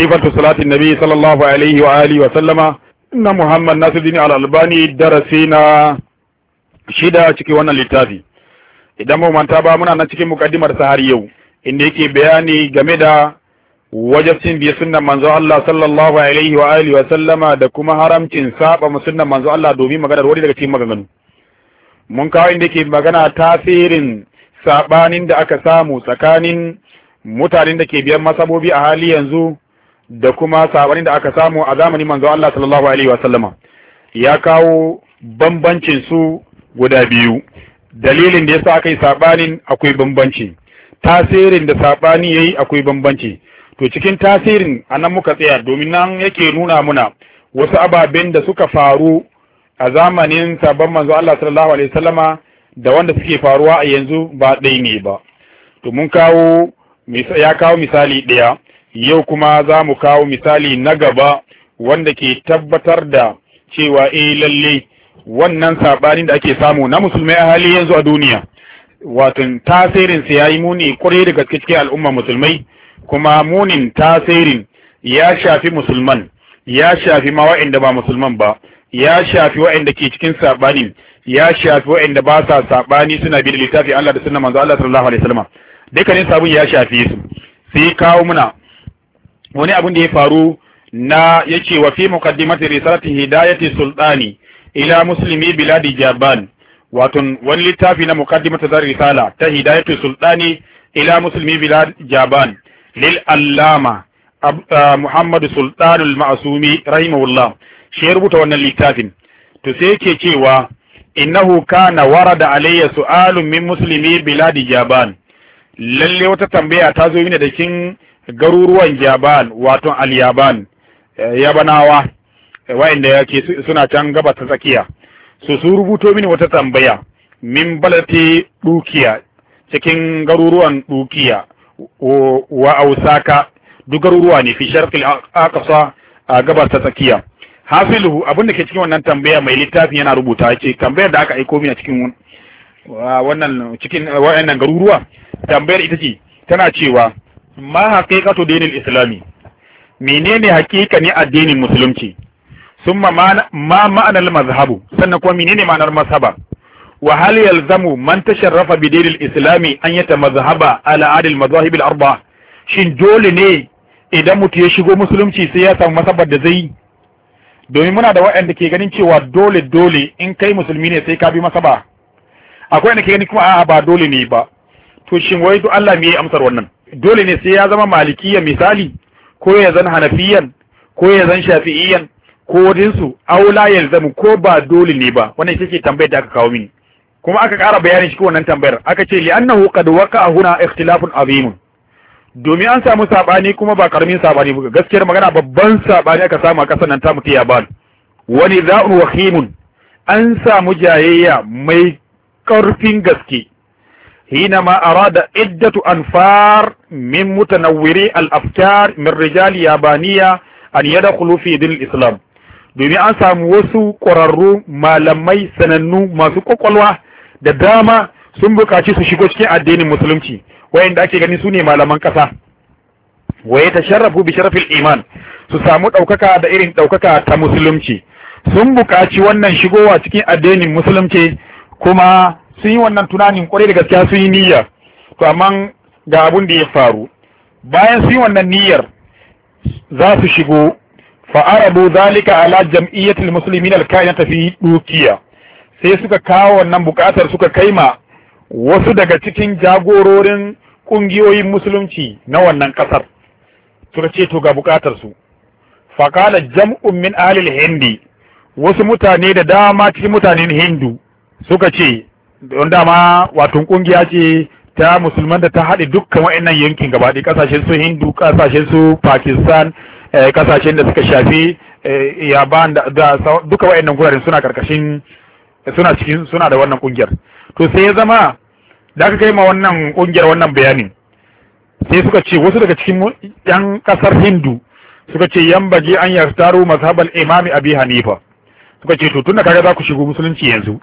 صفة salatin النبي صلى الله wa وآله wa إن محمد muhammad nasiruddin al-albani darasi na shida cikin wannan littafi idan mu manta ba muna nan cikin mukaddimar sa yau inda yake bayani game da wajabcin biya sunnan manzo Allah sallallahu alaihi wa alihi wa sallama da kuma haramcin saba mu sunnan manzo Allah domin maganar wani daga cikin maganganu mun kawo inda yake magana tasirin sabanin da aka samu tsakanin mutanen da ke biyan masabobi a hali yanzu da kuma sabanin da aka samu a zamanin manzo Allah sallallahu alaihi wa sallama ya kawo bambancin su guda biyu dalilin da yasa aka yi sabanin akwai bambanci tasirin da sabani yayi akwai bambanci to cikin tasirin anan muka tsaya domin nan yake nuna muna wasu ababen da suka faru a zamanin sabon manzo Allah sallallahu alaihi wasallama da wanda suke faruwa a yanzu ba ɗaya ne ba to mun kawo ya kawo misali ɗaya yau kuma za mu kawo misali na gaba wanda ke tabbatar da cewa eh lalle wannan sabanin da ake samu na musulmai a hali yanzu a duniya watan tasirin sa yayi muni kwarai da gaske cikin al'umma musulmai kuma munin tasirin ya shafi musulman ya shafi ma wa'anda ba musulman ba ya shafi wa'anda ke cikin sabanin ya shafi wa'anda ba sa sabani suna bi da littafi Allah da sunna manzo Allah sallallahu alaihi wasallam dukkanin sabon ya shafi su sai kawo muna wani abun da ya faru na ce wa fi muqaddimati risalati hidayati sultani ila muslimi biladi japan wani littafi na muqaddimati zar risala ta hidayati sultani ila muslimi bilad japan lil allama ah, muhammadu sultanul ma'sumi rahimahullah shi ya rubuta wannan littafin to sai yake cewa innahu kana warada alayya su'alun min muslimi biladi jaban lalle wata tambaya ta zo mini da kin garuruwan Jaban wato al-Yaban eh, Yabanawa eh, wa'inda yake suna can gabar ta tsakiya su su rubuto mini wata tambaya min balati dukiya cikin garuruwan dukiya wa ausaka duk garuruwa ne fi al aqsa a gabas ta tsakiya Hafilu abin da ke cikin wannan tambaya mai littafin yana rubuta yace tambayar da aka aiko mini cikin wannan cikin garuruwa tambayar ita ce tana cewa ma haqiqatu dinil islami menene ne addinin musulunci summa ma ma'anar mazhabu sannan kuma menene ma'anar mazhaba wa hal yalzamu man tasharrafa bi dinil islami an yata mazhaba ala adil mazahib al arba shin dole ne idan mutum ya shigo musulunci sai ya samu mazhabar da zai domin muna da waɗanda ke ganin cewa dole dole in kai musulmi ne sai ka bi masaba akwai wanda ke ganin kuma a'a ba dole ne ba to shin wai duk Allah me ya amsar wannan dole ne sai ya zama malikiya misali ko ya zan hanafiyan ko ya zan shafi'iyan ko su aula ya zama ko ba dole ne ba wannan ita ce tambayar da aka kawo mini kuma aka ƙara bayanin shi wannan tambayar aka ce li'annahu qad waqa'a huna ikhtilafun azim domin an samu sabani kuma ba karamin sabani ba gaskiyar magana babban sabani aka samu a kasar nan ta mutiya ba wani za'un wahimun an samu jayayya mai karfin gaske حينما أراد عدة أنفار من متنوري الأفكار من رجال يابانية أن يدخلوا في دين الإسلام domin an samu wasu ƙwararru malamai sanannu masu ƙwaƙwalwa da dama sun buƙaci su shigo cikin addinin musulunci wayanda ake ganin su malaman ƙasa wai ta sharrafu bi sharafil iman su samu ɗaukaka da irin ɗaukaka ta musulunci sun buƙaci wannan shigowa cikin addinin musulunci kuma sun yi wannan tunanin kwarai da gaskiya sun yi niyya to amma ga abun da ya faru bayan sun yi wannan niyyar za su shigo fa'aradu zalika ala jam'iyyatul muslimin al-kainata fi dukiya sai suka kawo wannan bukatar suka kai ma wasu daga cikin jagororin kungiyoyin musulunci na wannan kasar suka ce to ga bukatar su faqala jam'un min ahli hindi wasu mutane da dama cikin mutanen hindu suka ce don dama wato kungiya ce ta musulman da ta haɗe dukkan wa'annan yankin gaba ɗaya ƙasashen su hindu ƙasashen su pakistan eh, ƙasashen da suka shafi eh, yaban da duka wa'annan guraren suna karkashin suna cikin suna da wannan kungiyar to sai ya zama da aka kai ma wannan kungiyar wannan bayanin sai suka ce wasu daga cikin yan kasar hindu suka ce yan baje an yartaru mazhabal imami abi hanifa suka ce to tunda kaga za ku shigo musulunci yanzu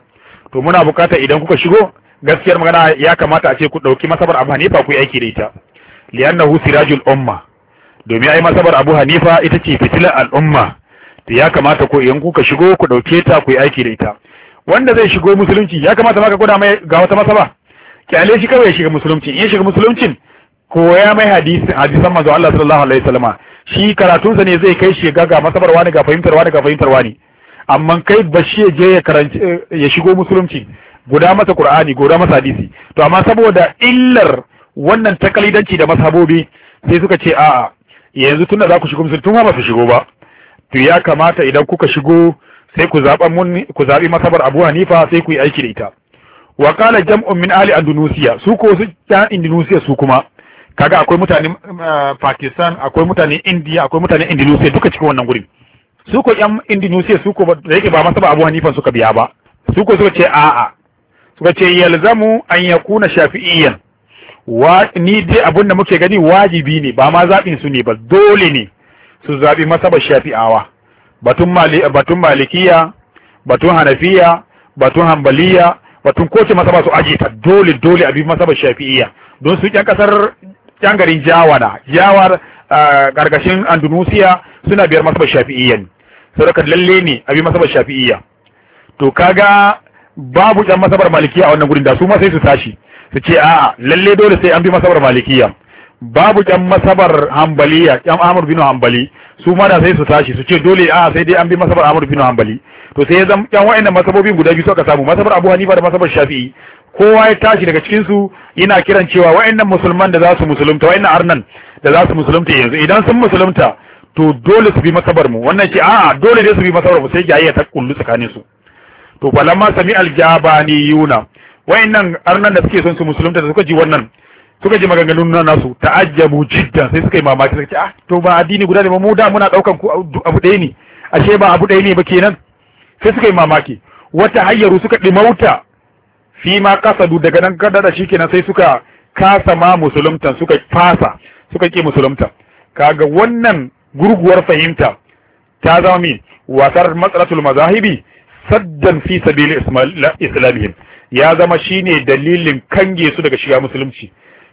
to muna bukata idan kuka shigo gaskiyar magana ya kamata a ce ku dauki masabar Abu Hanifa ku yi aiki da ita li'annahu sirajul umma domin ai masabar Abu Hanifa ita ce fitilar al'umma to ya kamata ko idan kuka shigo ku dauke ta ku yi aiki da ita wanda zai shigo musulunci ya kamata maka gwada mai ga wata masaba kyale shi kawai ya shiga musulunci in ya shiga musuluncin koya mai hadisi? hadisan manzo Allah sallallahu alaihi wasallama shi karatunsa ne zai kai shi ga ga masabar wani ga fahimtar wani ga fahimtar wani amma kai ba shi je ya karanci ya shigo musulunci guda masa qur'ani guda masa hadisi to amma saboda illar wannan takalidanci da mazhabobi sai suka ce a yanzu tunda za ku shigo musulunci tun ba su shigo ba to ya kamata idan kuka shigo sai ku zaɓa mun ku zaɓi masabar Abu Hanifa sai ku yi aiki da ita wa qala jam'un min ali andalusiya su ko su ta indonesia su kuma kaga akwai mutanen eh, Pakistan akwai mutanen India akwai mutanen Indonesia duka cikin wannan gurin suko yan Indonesia suko da yake ba masa ba Abu hanifan suka biya ba su suka ce a'a suka ce yalzamu an yakuna shafi'iyyan wa ni dai abun da muke gani wajibi ne ba ma zaɓin su ne ba dole ne su zaɓi masaba shafi'awa batun batun malikiya batun hanafiya batun hambaliya batun koce masaba su aje dole dole dole abin ba shafi'iyya don su yan kasar yan garin jawara jawar gargashin ah, andalusiya suna biyar masaba shafi'iyya ne sadaka lalle ne a bi masabar shafi'iyya to kaga babu ɗan masabar malikiya a wannan gurin da su ma sai su tashi su ce a'a lalle dole sai an bi masabar malikiya babu ɗan masabar hambaliya ɗan amur bin hambali su ma da sai su tashi su ce dole a'a sai dai an bi masabar amur bin hambali to sai ya zama ɗan wa'annan masabobin guda biyu suka samu masabar abu hanifa da masabar shafi'i kowa ya tashi daga cikin su ina kiran cewa wa'annan musulman da za su musulunta wa'annan arnan da za su musulunta yanzu idan sun musulunta to dole su bi masabar mu wannan ce a dole ne su bi masabar mu sai jayayya ta kullu tsakanin su to balamma sami Wai wayannan arnan da suke son su musulunta da suka ji wannan suka ji maganganun nan nasu ta'ajjabu jiddan sai suka yi mamaki suka ce ah to ba addini guda ne ba mu da muna daukan ku abu ɗaya ne ashe ba abu ɗaya ne ba kenan sai suka yi mamaki wata hayyaru suka dimauta fi ma kasadu daga nan kada da shikenan sai suka kasa ma musulunta suka fasa suka ki musulunta kaga wannan gurguwar fahimta ta zama mi wasar matsalatul mazahibi saddan fi sabili islamihim ya zama shine dalilin kange su daga shiga musulunci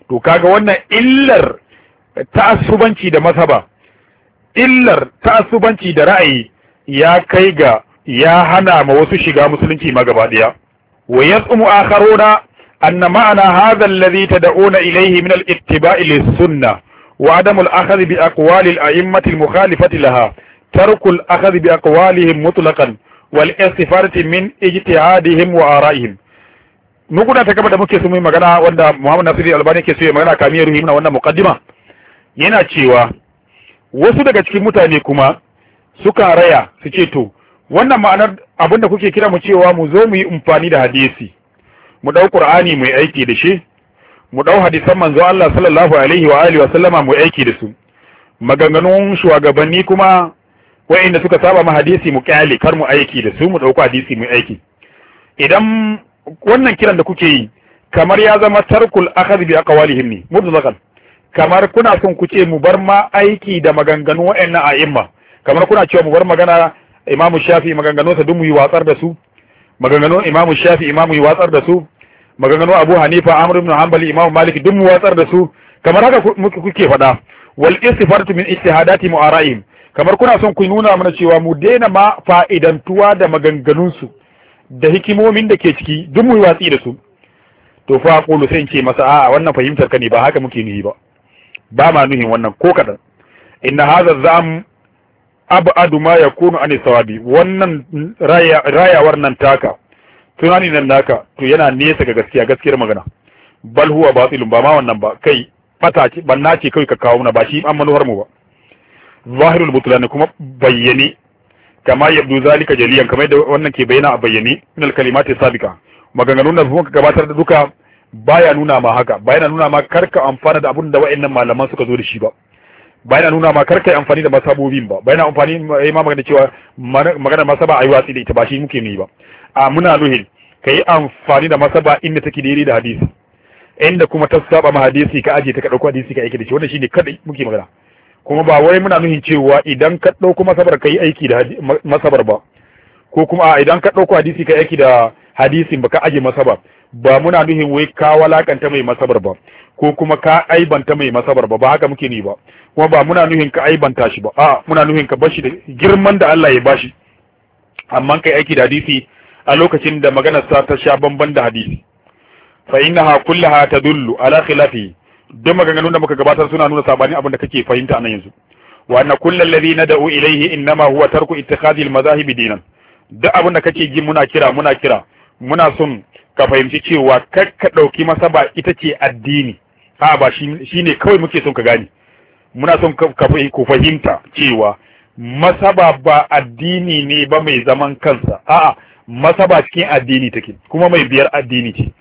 to kaga wannan illar ta'assubanci da mazhaba illar ta'assubanci da ra'ayi ya kai ga ya hana ma wasu shiga musulunci ma gaba daya wa yasumu akharuna anna ma'ana hadha alladhi tad'una ilayhi min al-ittiba'i lis-sunnah wa adamul akhadh bi aqwali al a'immati al mukhalifati laha tarku al akhadh bi aqwalihim mutlaqan wal istifarati min ijtihadihim wa ara'ihim muguna ta gaba da muke so mu magana wanda Muhammad Nasiru Albani ke so ya magana kamiyar ruhi na wannan muqaddima yana cewa wasu daga cikin mutane kuma suka raya su ce to wannan ma'anar abin da kuke kira mu cewa mu zo muyi yi amfani da hadisi mu ɗau ƙur'ani mu yi aiki da shi mu ɗau hadisan manzo Allah sallallahu alaihi wa alihi wa sallama mu aiki da su maganganun shugabanni kuma wa'inda suka saba ma hadisi mu kyale kar mu aiki da su mu ɗauko hadisi mu aiki idan wannan kiran da kuke yi kamar ya zama tarkul akhadh bi aqwalihim ne mutlaqan kamar kuna son ku ce mu bar ma aiki da maganganun wa'annan a'imma kamar kuna cewa mu bar magana Imam Shafi maganganun sa duk mu yi watsar da su maganganun Imam Shafi Imam yi watsar da su maganganu Abu Hanifa Amr ibn Hanbal Imam Malik duk watsar da su kamar haka kuke faɗa wal istifadatu min ijtihadati mu'ara'im kamar kuna son ku nuna mana cewa mu daina ma fa'idantuwa da maganganunsu da hikimomin da ke ciki duk mu watsi da su to fa qulu sai ce masa a'a wannan fahimtar ka ne ba haka muke nuhi ba ba ma nuhin wannan ko kadan inna hadha zam abadu ma yakunu an sawabi wannan rayawar nan taka tunani nan naka to yana nesa ga gaskiya gaskiyar magana bal huwa batilun ba ma wannan ba kai fata ce banna ce kawai ka kawo mana ba shi an manuhar mu ba zahirul butlan kuma bayyane kama yabdu zalika jaliyan kamar da wannan ke bayyana a bayyane min al kalimati sabiqa maganganun da muka gabatar da duka baya nuna ma haka baya nuna ma karka amfana da abun da wa'annan malaman suka zo da shi ba baya nuna ma karka amfani da masabobin ba baya amfani ma magana cewa magana masaba ayi watsi da ita ba shi muke ne ba a muna nuhin ka yi amfani da masaba inda take daidai da hadisi inda kuma ta saba ma hadisi ka aje ta ka dauko hadisi ka aiki da shi wannan shine kadai muke magana kuma ba wai muna nuhin cewa idan ka dauko masabar ka yi aiki da masabar ba ko kuma a idan ka dauko hadisi ka aiki da hadisin ba ka aje masaba ba muna nuhin wai ka walakanta mai masabar ba ko kuma ka aibanta mai masabar ba ba haka muke ni ba kuma ba muna nuhin ka aibanta shi ba a muna nuhin ka bashi da girman da Allah ya bashi amma kai aiki da hadisi a lokacin da sa ta sha bamban da hadisi fa innaha kullaha tadullu ala khilafi duk maganganun da muka gabatar suna nuna sabani abin da kake fahimta a nan yanzu wa anna na alladhi nad'u ilayhi innama huwa tarku ittikhadhi al dinan duk abin da kake ji muna kira muna kira muna son ka fahimci cewa kar ka dauki masaba ita ce addini a ba shi ne kawai muke son ka gane muna son ku fahimta cewa masaba ba addini ne ba mai zaman kansa a'a masaba cikin addini take kuma mai biyar addini ce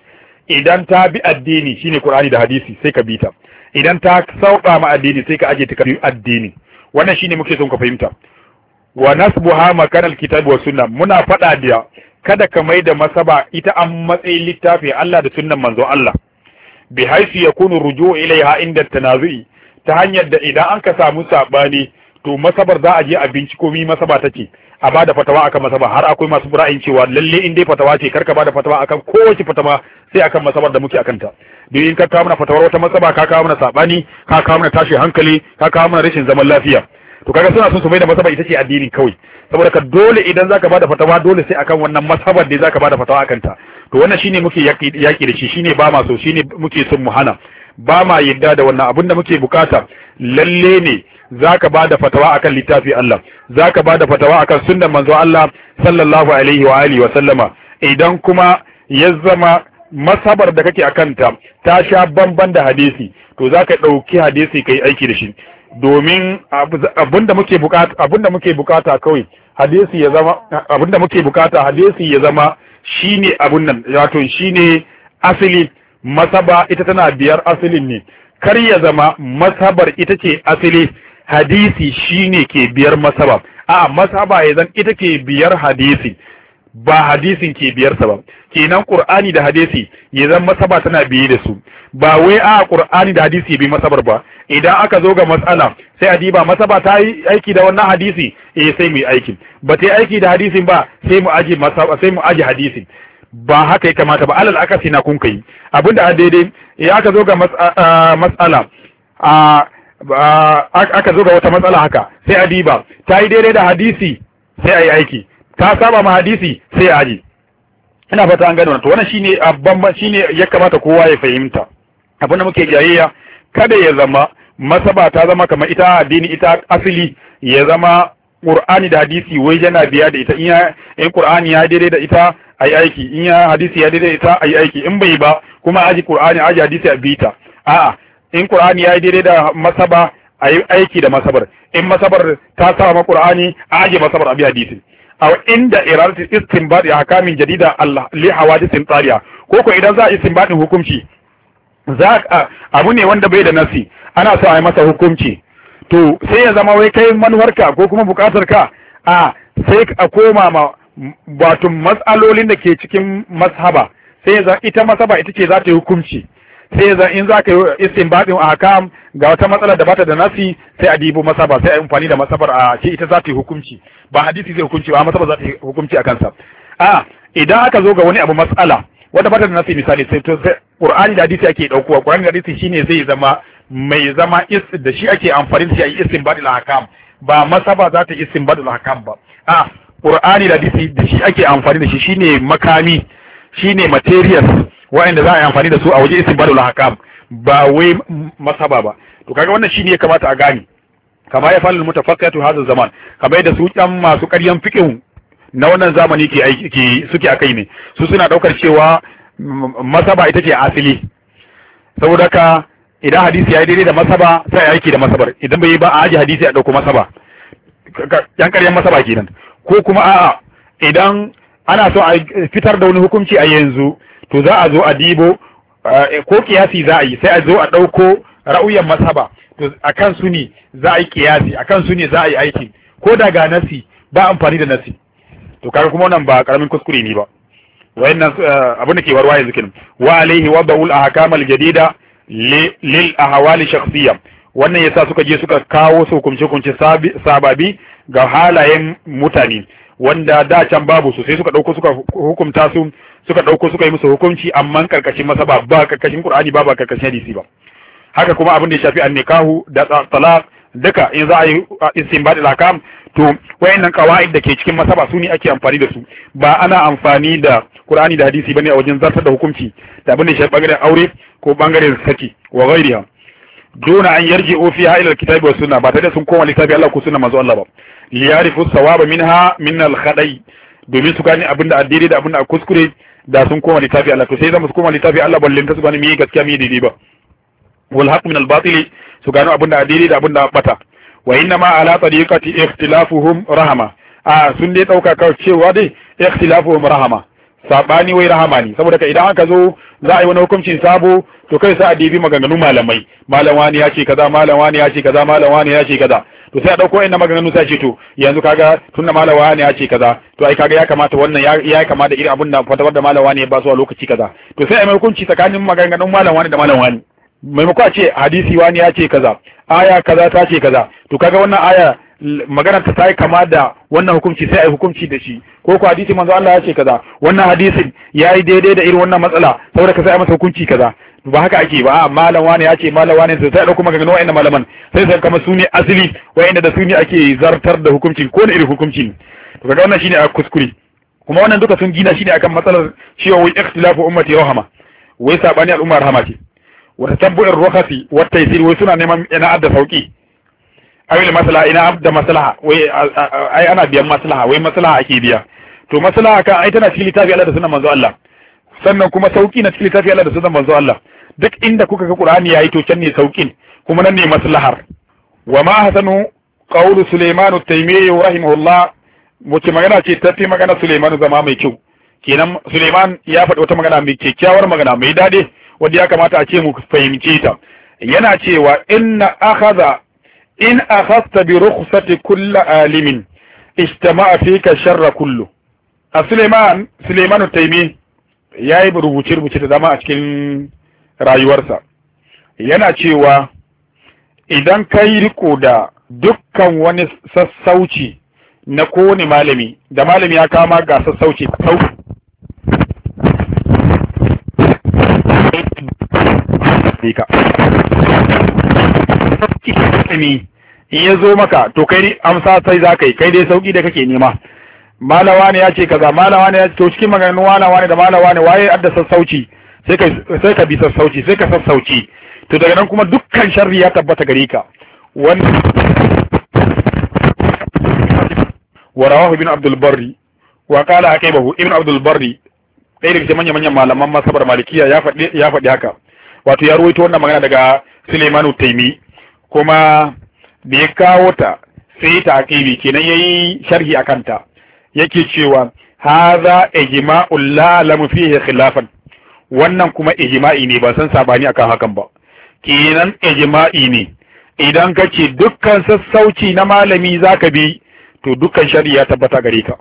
idan ta bi addini shine Qur'ani da hadisi sai ka bi ta idan ta sauka ma addini sai ka aje ta bi addini wannan shine muke son ka fahimta wa nasbuha makanal alkitab wa sunna muna fada da kada ka mai da masaba ita an matsayin littafi Allah da sunnan manzo Allah bi haisu yakunu ruju'u ilaiha inda tanazu'i ta hanyar da idan an ka samu sabani to masabar za a je a binciko mi masaba take a bada fatawa akan masaba har akwai masu ra'ayin cewa lalle in dai fatawa ce karka bada fatawa akan kowace fatawa sai akan masabar da muke akanta in ka kawo mana fatawar wata masaba ka kawo mana sabani ka kawo mana tashin hankali ka kawo mana rashin zaman lafiya to kaga suna son su mai da masaba ita ce addini kawai saboda ka dole idan zaka bada fatawa dole sai akan wannan masabar da zaka bada fatawa akan ta to wannan shine muke yaki da shi shine ba ma shine muke son mu hana ba ma yadda da wannan da muke bukata lalle ne zaka da fatawa akan littafi Allah zaka da fatawa akan sunnar manzo Allah sallallahu alaihi wa alihi wa sallama idan kuma ya zama masabar da kake kanta ta sha bamban da hadisi to zaka dauki hadisi kai aiki da shi domin abinda muke bukata abinda muke bukata kawai hadisi ya zama abinda muke bukata hadisi ya zama shine abun nan wato shine asali masaba ita tana biyar asilin ne kar ya zama masabar ita ce asili hadisi shine ke biyar masaba a masaba ya zan ita ke biyar hadisi ba hadisin ke biyar sa ba kenan qur'ani da hadisi ya zan masaba tana biye da su ba wai a qur'ani da hadisi bi masabar ba idan aka zo ga matsala sai a ba masaba ta yi aiki da wannan hadisi eh sai mu yi aiki ba ta yi aiki da hadisin ba sai mu aje masaba sai mu aje hadisin ba haka ya kamata ba alal akasi na kun kai abinda a daidai ya aka zo ga matsala aka zo ga wata matsala haka sai adiba ta yi daidai da hadisi sai a yi aiki ta saba ma hadisi sai a yi ina fata an gano to wannan shine abban shine ya kamata kowa ya fahimta abin da muke jayayya kada ya zama masaba ta zama kamar ita addini ita asali, ya zama Qur'ani da hadisi wai yana biya da ita in Qur'ani ya daidai da ita ayi aiki in ya hadisi ya daidai ita ayi aiki in bai ba kuma aji qur'ani aji hadisi a bita a'a in qur'ani ya daidai da masaba ayi aiki da masabar in masabar ta sa ma qur'ani aji masabar abi hadisi aw inda iradatu istinbat ya hakamin jadida Allah li hawadithin tariya ko ko idan za a istinbat hukunci za abu ne wanda bai da nasi ana so a yi masa hukunci to sai ya zama wai kai manuwarka ko kuma bukatarka ka a sai a koma ma wato matsalolin da ke cikin mashaba sai ya ita mashaba ita ce za ta yi hukunci sai ya in za ka yi a ahkam ga wata matsala da bata da nasi sai a dibo masaba sai a amfani da masabar a ce ita za ta yi hukunci ba hadisi zai hukunci ba masaba za ta yi hukunci a kansa a idan aka zo ga wani abu matsala wanda bata da nasi misali sai to qur'ani da hadisi ake daukowa qur'ani da hadisi shine zai zama mai zama is da shi ake amfani da shi a yi istinbadil ahkam ba masaba za ta yi istinbadil ahkam ba a qur'ani da hadisi da shi ake amfani da shi shine makami shine materials wa'anda za a yi amfani da su a waje istinbadul ahkam ba wai masaba ba to kaga wannan shine ya kamata a gane kama ya fallu mutafakkatu hadha zaman kamar da su dan masu ƙaryan fiqh na wannan zamani ke aiki suke akai ne su suna daukar cewa masaba ita ce asili saboda ka idan hadisi ya yi daidai da masaba sai aiki da masabar idan bai yi ba a aji hadisi a dauko masaba yan ƙaryan masaba kenan ko kuma a'a idan ana so a fitar da wani hukunci a yanzu to za a zo a dibo eh, ko kiyasi za a yi sai a zo a ɗauko ra'uyan masaba to a kan su ne za a yi kiyasi kan su ne za a yi aiki ko daga nasi ba amfani da nasi to kaga kuma wannan ba karamin kuskure ne ba nan eh, abin da ke warwa yanzu kin wa alaihi wa ba'ul ahkam al jadida lil ahwali shakhsiyya wannan yasa suka je suka kawo su hukunci sababi ga halayen mutane wanda da can babu su sai suka dauko suka hukumta su suka dauko suka yi musu hukunci amma karkashin masa, ba karkashin Qur'ani ba ba karkashin hadisi ba haka kuma abin da ya shafi annikahu da talaq duka in za a yi istinbat al-akam to wayannan qawaid da ke cikin masaba su ne ake amfani da su ba ana amfani da Qur'ani da hadisi bane a wajen zartar da hukunci da abin da ya shafi bangaren aure ko bangaren saki wa ghairiha duna an yarje yarji'u fiha ila kitabi was sunna ba tare sun koma littafi Allah ko sunna manzo Allah ba li yarifu sawaba minha min alkhadai domin su gane abinda addini da abinda kuskure da sun koma littafi Allah to sai zama su koma littafi Allah balle ta su gane me gaskiya me daidai ba wal haqq min al batil su gano abinda addini da abinda bata wa inna ma ala tariqati ikhtilafuhum rahama a sun dai dauka kawai cewa dai ikhtilafuhum rahama sabani wai rahama ne saboda idan aka zo za a yi wani hukunci sabo to kai sa a dibi maganganun malamai malam wani ya ce kaza malam wani ya ce kaza malam wani ya ce kaza to sai a dauko inda maganganun sai ce to yanzu kaga tunda malam wani ya ce kaza to ai kaga ya kamata wannan ya kamata irin abun da fatawar da malam wani ya ba su a lokaci kaza to sai a yi hukunci tsakanin maganganun malam wani da malam wani maimako a ce hadisi wani ya ce kaza aya kaza ta ce kaza to kaga wannan aya magana ta tayi kama da wannan hukunci sai ai hukunci da shi ko ko hadisi manzo Allah ya ce kaza wannan hadisin yayi daidai da irin wannan matsala saboda ka sai a masa hukunci kaza ba haka ake ba a malam wani ya ce malam wani sai sai dauko maganganu wa'annan malaman sai sai kama su ne asali wa'anda da su ne ake zartar da hukunci ko da irin hukunci to kaga wannan shine a kuskure kuma wannan duka sun gina shine akan matsalar cewa wai ikhtilafu ummati rahama wai sabani al'umma rahama ce wa tatabbu'ir rukhasi wa taysir wai suna neman ina adda sauki awil maslaha ina da maslaha wai ai ana biyan maslaha wai maslaha ake biya to maslaha kan ai tana cikin littafi Allah da sunan manzo Allah sannan kuma sauki na cikin littafi Allah da sunan manzo Allah duk inda kuka ga Qur'ani yayi to can ne saukin kuma nan ne maslahar wa ma hasanu qawlu Sulaiman at-Taymiyyi rahimahullah wace magana ce ta fi magana Sulaiman zama mai kyau kenan Sulaiman ya faɗi wata magana mai kyakkyawar magana mai dade wanda ya kamata a ce mu fahimce ta yana cewa inna akhadha in akhadta bi rukhsati kulli alimin ijtama'a fika sharra kullu a Suleiman Suleiman Taimi yayi rubuce rubuce da zama a cikin rayuwarsa yana cewa idan kai riko da dukkan wani sassauci na kowane malami da malami ya kama ga sassauci sauki ka sauki ilimi in ya zo maka to kai amsa sai za ka yi kai dai sauki da kake nema malawa ne ya ce kaza malawa ne ya ce to cikin maganganun walawa ne da malawa ne waye adda sassauci sai ka sai ka bi sassauci sai ka sassauci to daga nan kuma dukkan sharri ya tabbata gare ka wannan ورواه ابن عبد البر وقال عقيبه ابن عبد البر ɗaya daga cikin manyan malaman masabar malikiya ya faɗi haka wato ya ruwaito wannan magana daga Suleimanu Taimi kuma da ya kawo ta sai ta bi kenan yayi sharhi akan ta yake cewa haza, ijma'ul la lam fihi khilafan wannan kuma ijma'i ne ba san sabani akan hakan ba kenan ijma'i ne idan kace dukkan sassauci na malami zaka bi to dukkan shari'a tabbata gare ka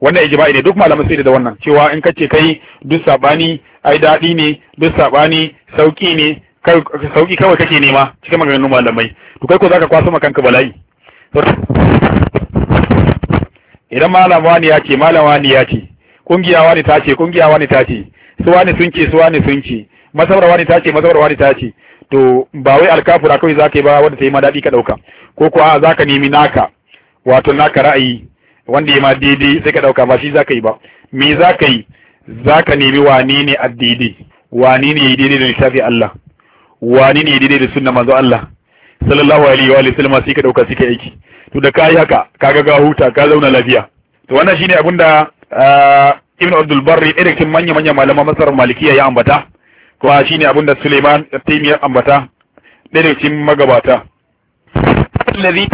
wannan ijma'i ne duk malamai sai da wannan cewa in kace kai duk sabani ai dadi ne duk sabani sauki ne kai sauki kawai kake nema cikin maganganun malamai to kai ko zaka kwaso makanka bala'i idan malam wani ya ce malam wani ya ce kungiya wani ta ce kungiya wani ta ce su wani sun ce su wani sun ce masabar wani ta ce masabar wani ta ce to ba wai alkafura kawai zaka yi ba wanda ta yi ma daɗi ka ɗauka ko kuwa zaka nemi naka wato naka ra'ayi wanda ya ma daidai sai ka ɗauka ba shi zaka yi ba me zaka yi zaka nemi wani ne a daidai wani ne ya yi daidai da shafi Allah wani ne daidai da sunna manzo Allah sallallahu alaihi wa sallama sai ka dauka sike aiki to da kai haka kaga ga huta ka zauna lafiya to wannan shine abin da ah, ibn abdul barri ɗaya cikin manya manya malaman masar malikiya ya ambata Ko shine abin da suleiman ya ambata ɗaya daga cikin magabata alladhi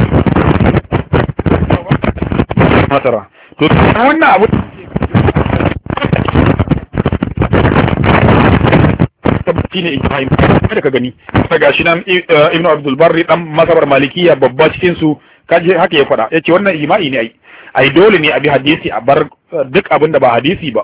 masara to wannan abu shine Ibrahim kada ka gani ta gashi nan uh, Ibn Abdul Barri dan masabar Malikiya babba cikin su kaje haka ya faɗa yace wannan imani ne ai ai dole ne a bi hadisi a bar uh, duk abin da ba hadisi ba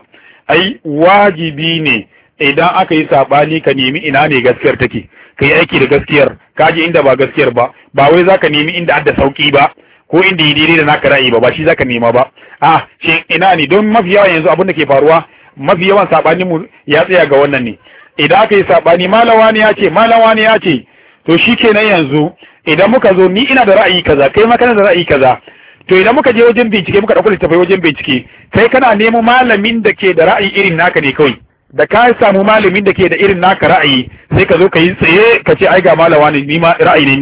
ai wajibi ne idan aka yi sabani ka nemi ina ne gaskiyar take ka aiki da gaskiyar ka inda ba gaskiyar ba ba wai zaka nemi inda adda sauki ba ko inda yi daidai da naka ra'ayi ba ba shi zaka nema ba a shi ina ne don mafi yanzu abin da ke faruwa mafi yawan sabanin mu ya tsaya ga wannan ne idan aka yi saɓani malawa ne ya ce malawa ne ya ce to shi kenan yanzu idan muka zo ni ina da ra'ayi kaza kai ma kana da ra'ayi kaza to idan muka je wajen bincike muka ɗauko littafai wajen bincike kai kana nemo malamin da ke da ra'ayi irin naka ne kawai da ka samu malamin da ke da irin naka ra'ayi sai ka zo ka yi tsaye ka ce ai ga malawa ne ni ma ra'ayi ne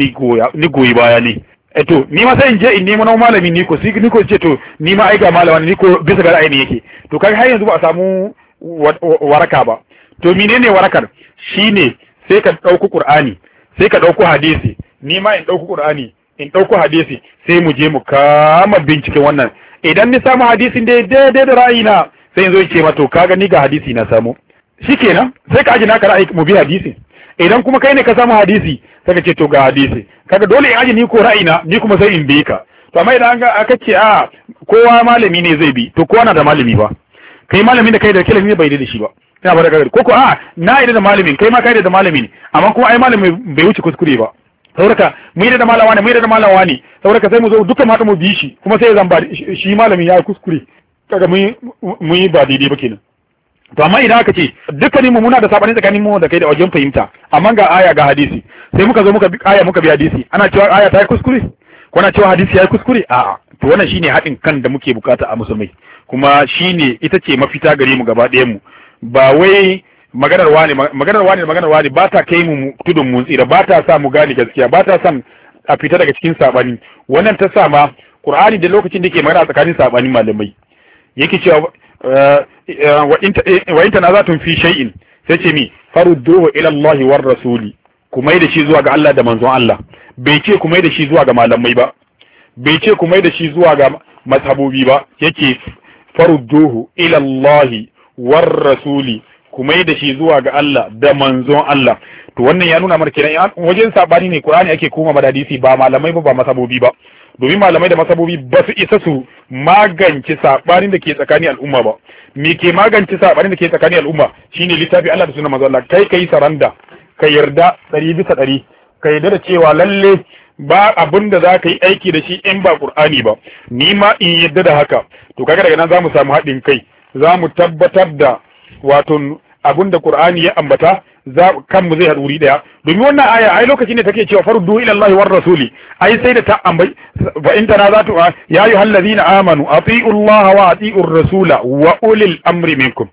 ni goyi baya ne e to ni ma sai in je in nemo na malami ni ko ni ko ce to ni ma ai ga malawa ni ko bisa ga ra'ayi ne yake to kai har yanzu ba a samu waraka ba to menene warakar shine sai ka ɗauki Qur'ani sai ka ɗauko hadisi ni ma in ɗauko Qur'ani in ɗauko hadisi sai mu je mu kama binciken wannan idan ni samu hadisin da daidai da ra'ayina sai in zo in ce ma to kaga ni ga hadisi na samu shikenan sai ka aje naka ra'ayi mu bi hadisi idan kuma kai ne ka samu hadisi sai ka ce to ga hadisi kaga dole in aje ni ko ra'ayina ni kuma sai in bi ka to amma idan ga aka ce a kowa malami ne zai bi to kowa na da malami ba kai malami da kai da kilimi bai da shi ba ina ba da gari ko a na yi da malamin kai ma kai da malami ne amma kuma ai malamin bai wuce kuskure ba sauraka mu yi da malawa ne mu yi da malawa ne sauraka sai mu zo dukkan mata mu bi shi kuma sai zan zamba shi malamin ya kuskure kaga mu yi ba daidai ba kenan to amma idan aka ce dukkanin mu muna da sabani tsakanin mu da kai da wajen fahimta amma ga aya ga hadisi sai muka zo muka bi aya muka bi hadisi ana cewa aya ta yi kuskure ko ana cewa hadisi ya yi kuskure a'a to wannan shine haɗin kan da muke bukata a musulmai kuma shine ita ce mafita gare mu gaba ɗayan mu ba wai maganar wani maganar wani maganar wani ba ta kai mu tudun mun tsira ba ta sa mu gane gaskiya ba ta sa a fita daga cikin sabani wannan ta sa ma qur'ani da lokacin da ke magana tsakanin sabani malamai yake cewa eh, eh, wa in eh, tanazatun fi shay'in sai ce mi farudduhu ila Allah war rasuli kuma da shi zuwa ga Allah da manzon Allah bai ce kuma da shi zuwa ga malamai ba bai ce kuma da shi zuwa ga mazhabobi ba yake farudduhu ila Allah war rasuli mai da shi zuwa ga Allah da manzon Allah to wannan ya nuna mana kenan wajen sabani ne Qur'ani ake koma madadisi hadisi ba malamai ba ba masabobi ba domin malamai da masabobi ba su isa su magance sabani da ke tsakanin al'umma ba me ke magance sabanin da ke tsakanin al'umma shine littafi Allah da sunan manzon Allah kai kai saranda ka yarda ɗari bisa ɗari ka yarda da cewa lalle ba abin da za ka yi aiki da shi in ba Qur'ani ba ni ma in yarda da haka to kaga daga nan za mu samu haɗin kai za mu tabbatar da wato abinda qur'ani ya ambata za kanmu zai haɗu wuri ɗaya domin wannan aya ai lokacin da take cewa fardu ila Allah war rasuli ai sai da ta ambai fa in tana zatu ya ayyuhal ladina amanu ati'u Allah wa ati'ur rasula wa ulil amri minkum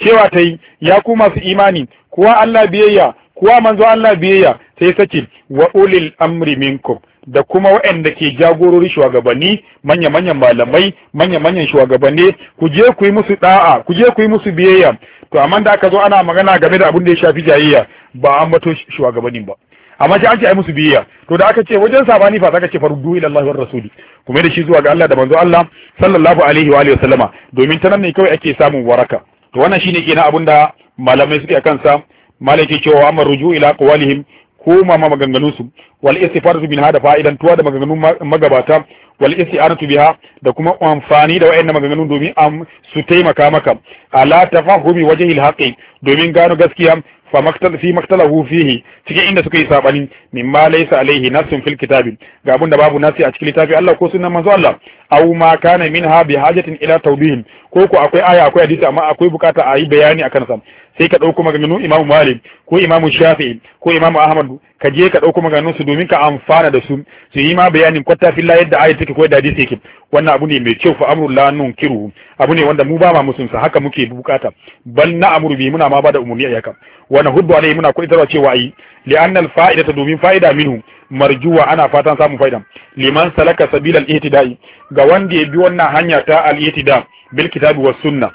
cewa tai ya ku masu imani kuwa Allah biyayya kuwa manzo Allah biyayya sai sace wa ulil amri minkum da kuma waɗanda ke jagorori shugabanni manya-manyan malamai manya-manyan shugabanni ku je ku yi musu da'a ku je ku yi musu biyayya to amma da aka zo ana magana game da abin da ya shafi jayayya ba an bato shugabannin ba amma sai an ce ai musu biyayya to da aka ce wajen sabani fa zaka ce faruddu ila Allah war rasuli kuma da shi zuwa ga Allah da manzo Allah sallallahu alaihi wa alihi wasallama domin ta ne kawai ake samun waraka to wannan shine kenan abin da malamai suke kansa malaki cewa amma ruju ila qawlihim koma ma maganganun su wal istifaratu minha da fa'idan tuwa da maganganun magabata wal isti'anatu biha da kuma amfani da wayannan maganganun domin am su taimaka maka ala tafahumi wajhil haqi domin gano gaskiya fa maktal fi maktalahu fihi cikin inda suka yi sabani mimma laysa alaihi nasun fil kitabi ga abun da babu nasi a cikin littafi Allah ko sunan manzo Allah aw ma kana minha bihajatin ila tawdihin ko ko akwai aya akwai hadisi amma akwai bukata a yi bayani akan sa sai ka dauko maganganun Imam Malik ko Imam Shafi'i ko Imam Ahmad ka je ka dauko maganganun su domin ka amfana da su su yi ma bayanin kwata fillah yadda aya take ko yadda hadisi yake wannan abu ne mai kyau fa amrul la nunkiru abu ne wanda mu ba ma musun sa haka muke bukata bal na amru bi muna ma bada umurni ayyaka wa nahuddu alai muna ko itarwa cewa yi li'a'nnal fa'idata domin fa'ida minhu marjuwa ana fatan samun faida liman salaka sabilal ihtida'i ga wanda ya bi wannan hanya ta al ihtida bil kitabi was sunna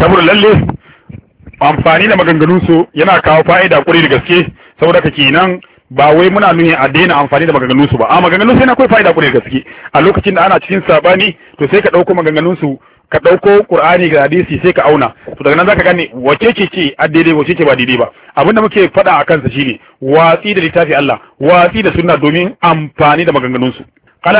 saboda lalle amfani da maganganun su yana kawo fa'ida kuri da gaske saboda ka nan ba wai muna nuni a daina amfani da maganganun su ba a maganganun su yana akwai fa'ida kuri da gaske a lokacin da ana cikin sabani to sai ka dauko maganganun su ka ɗauko ƙur'ani ga hadisi sai ka auna to daga nan zaka gane wace ce ce a daidai wace ce ba daidai ba abin da muke faɗa a kansa shine watsi da littafi Allah watsi da sunna domin amfani da maganganunsu. su قال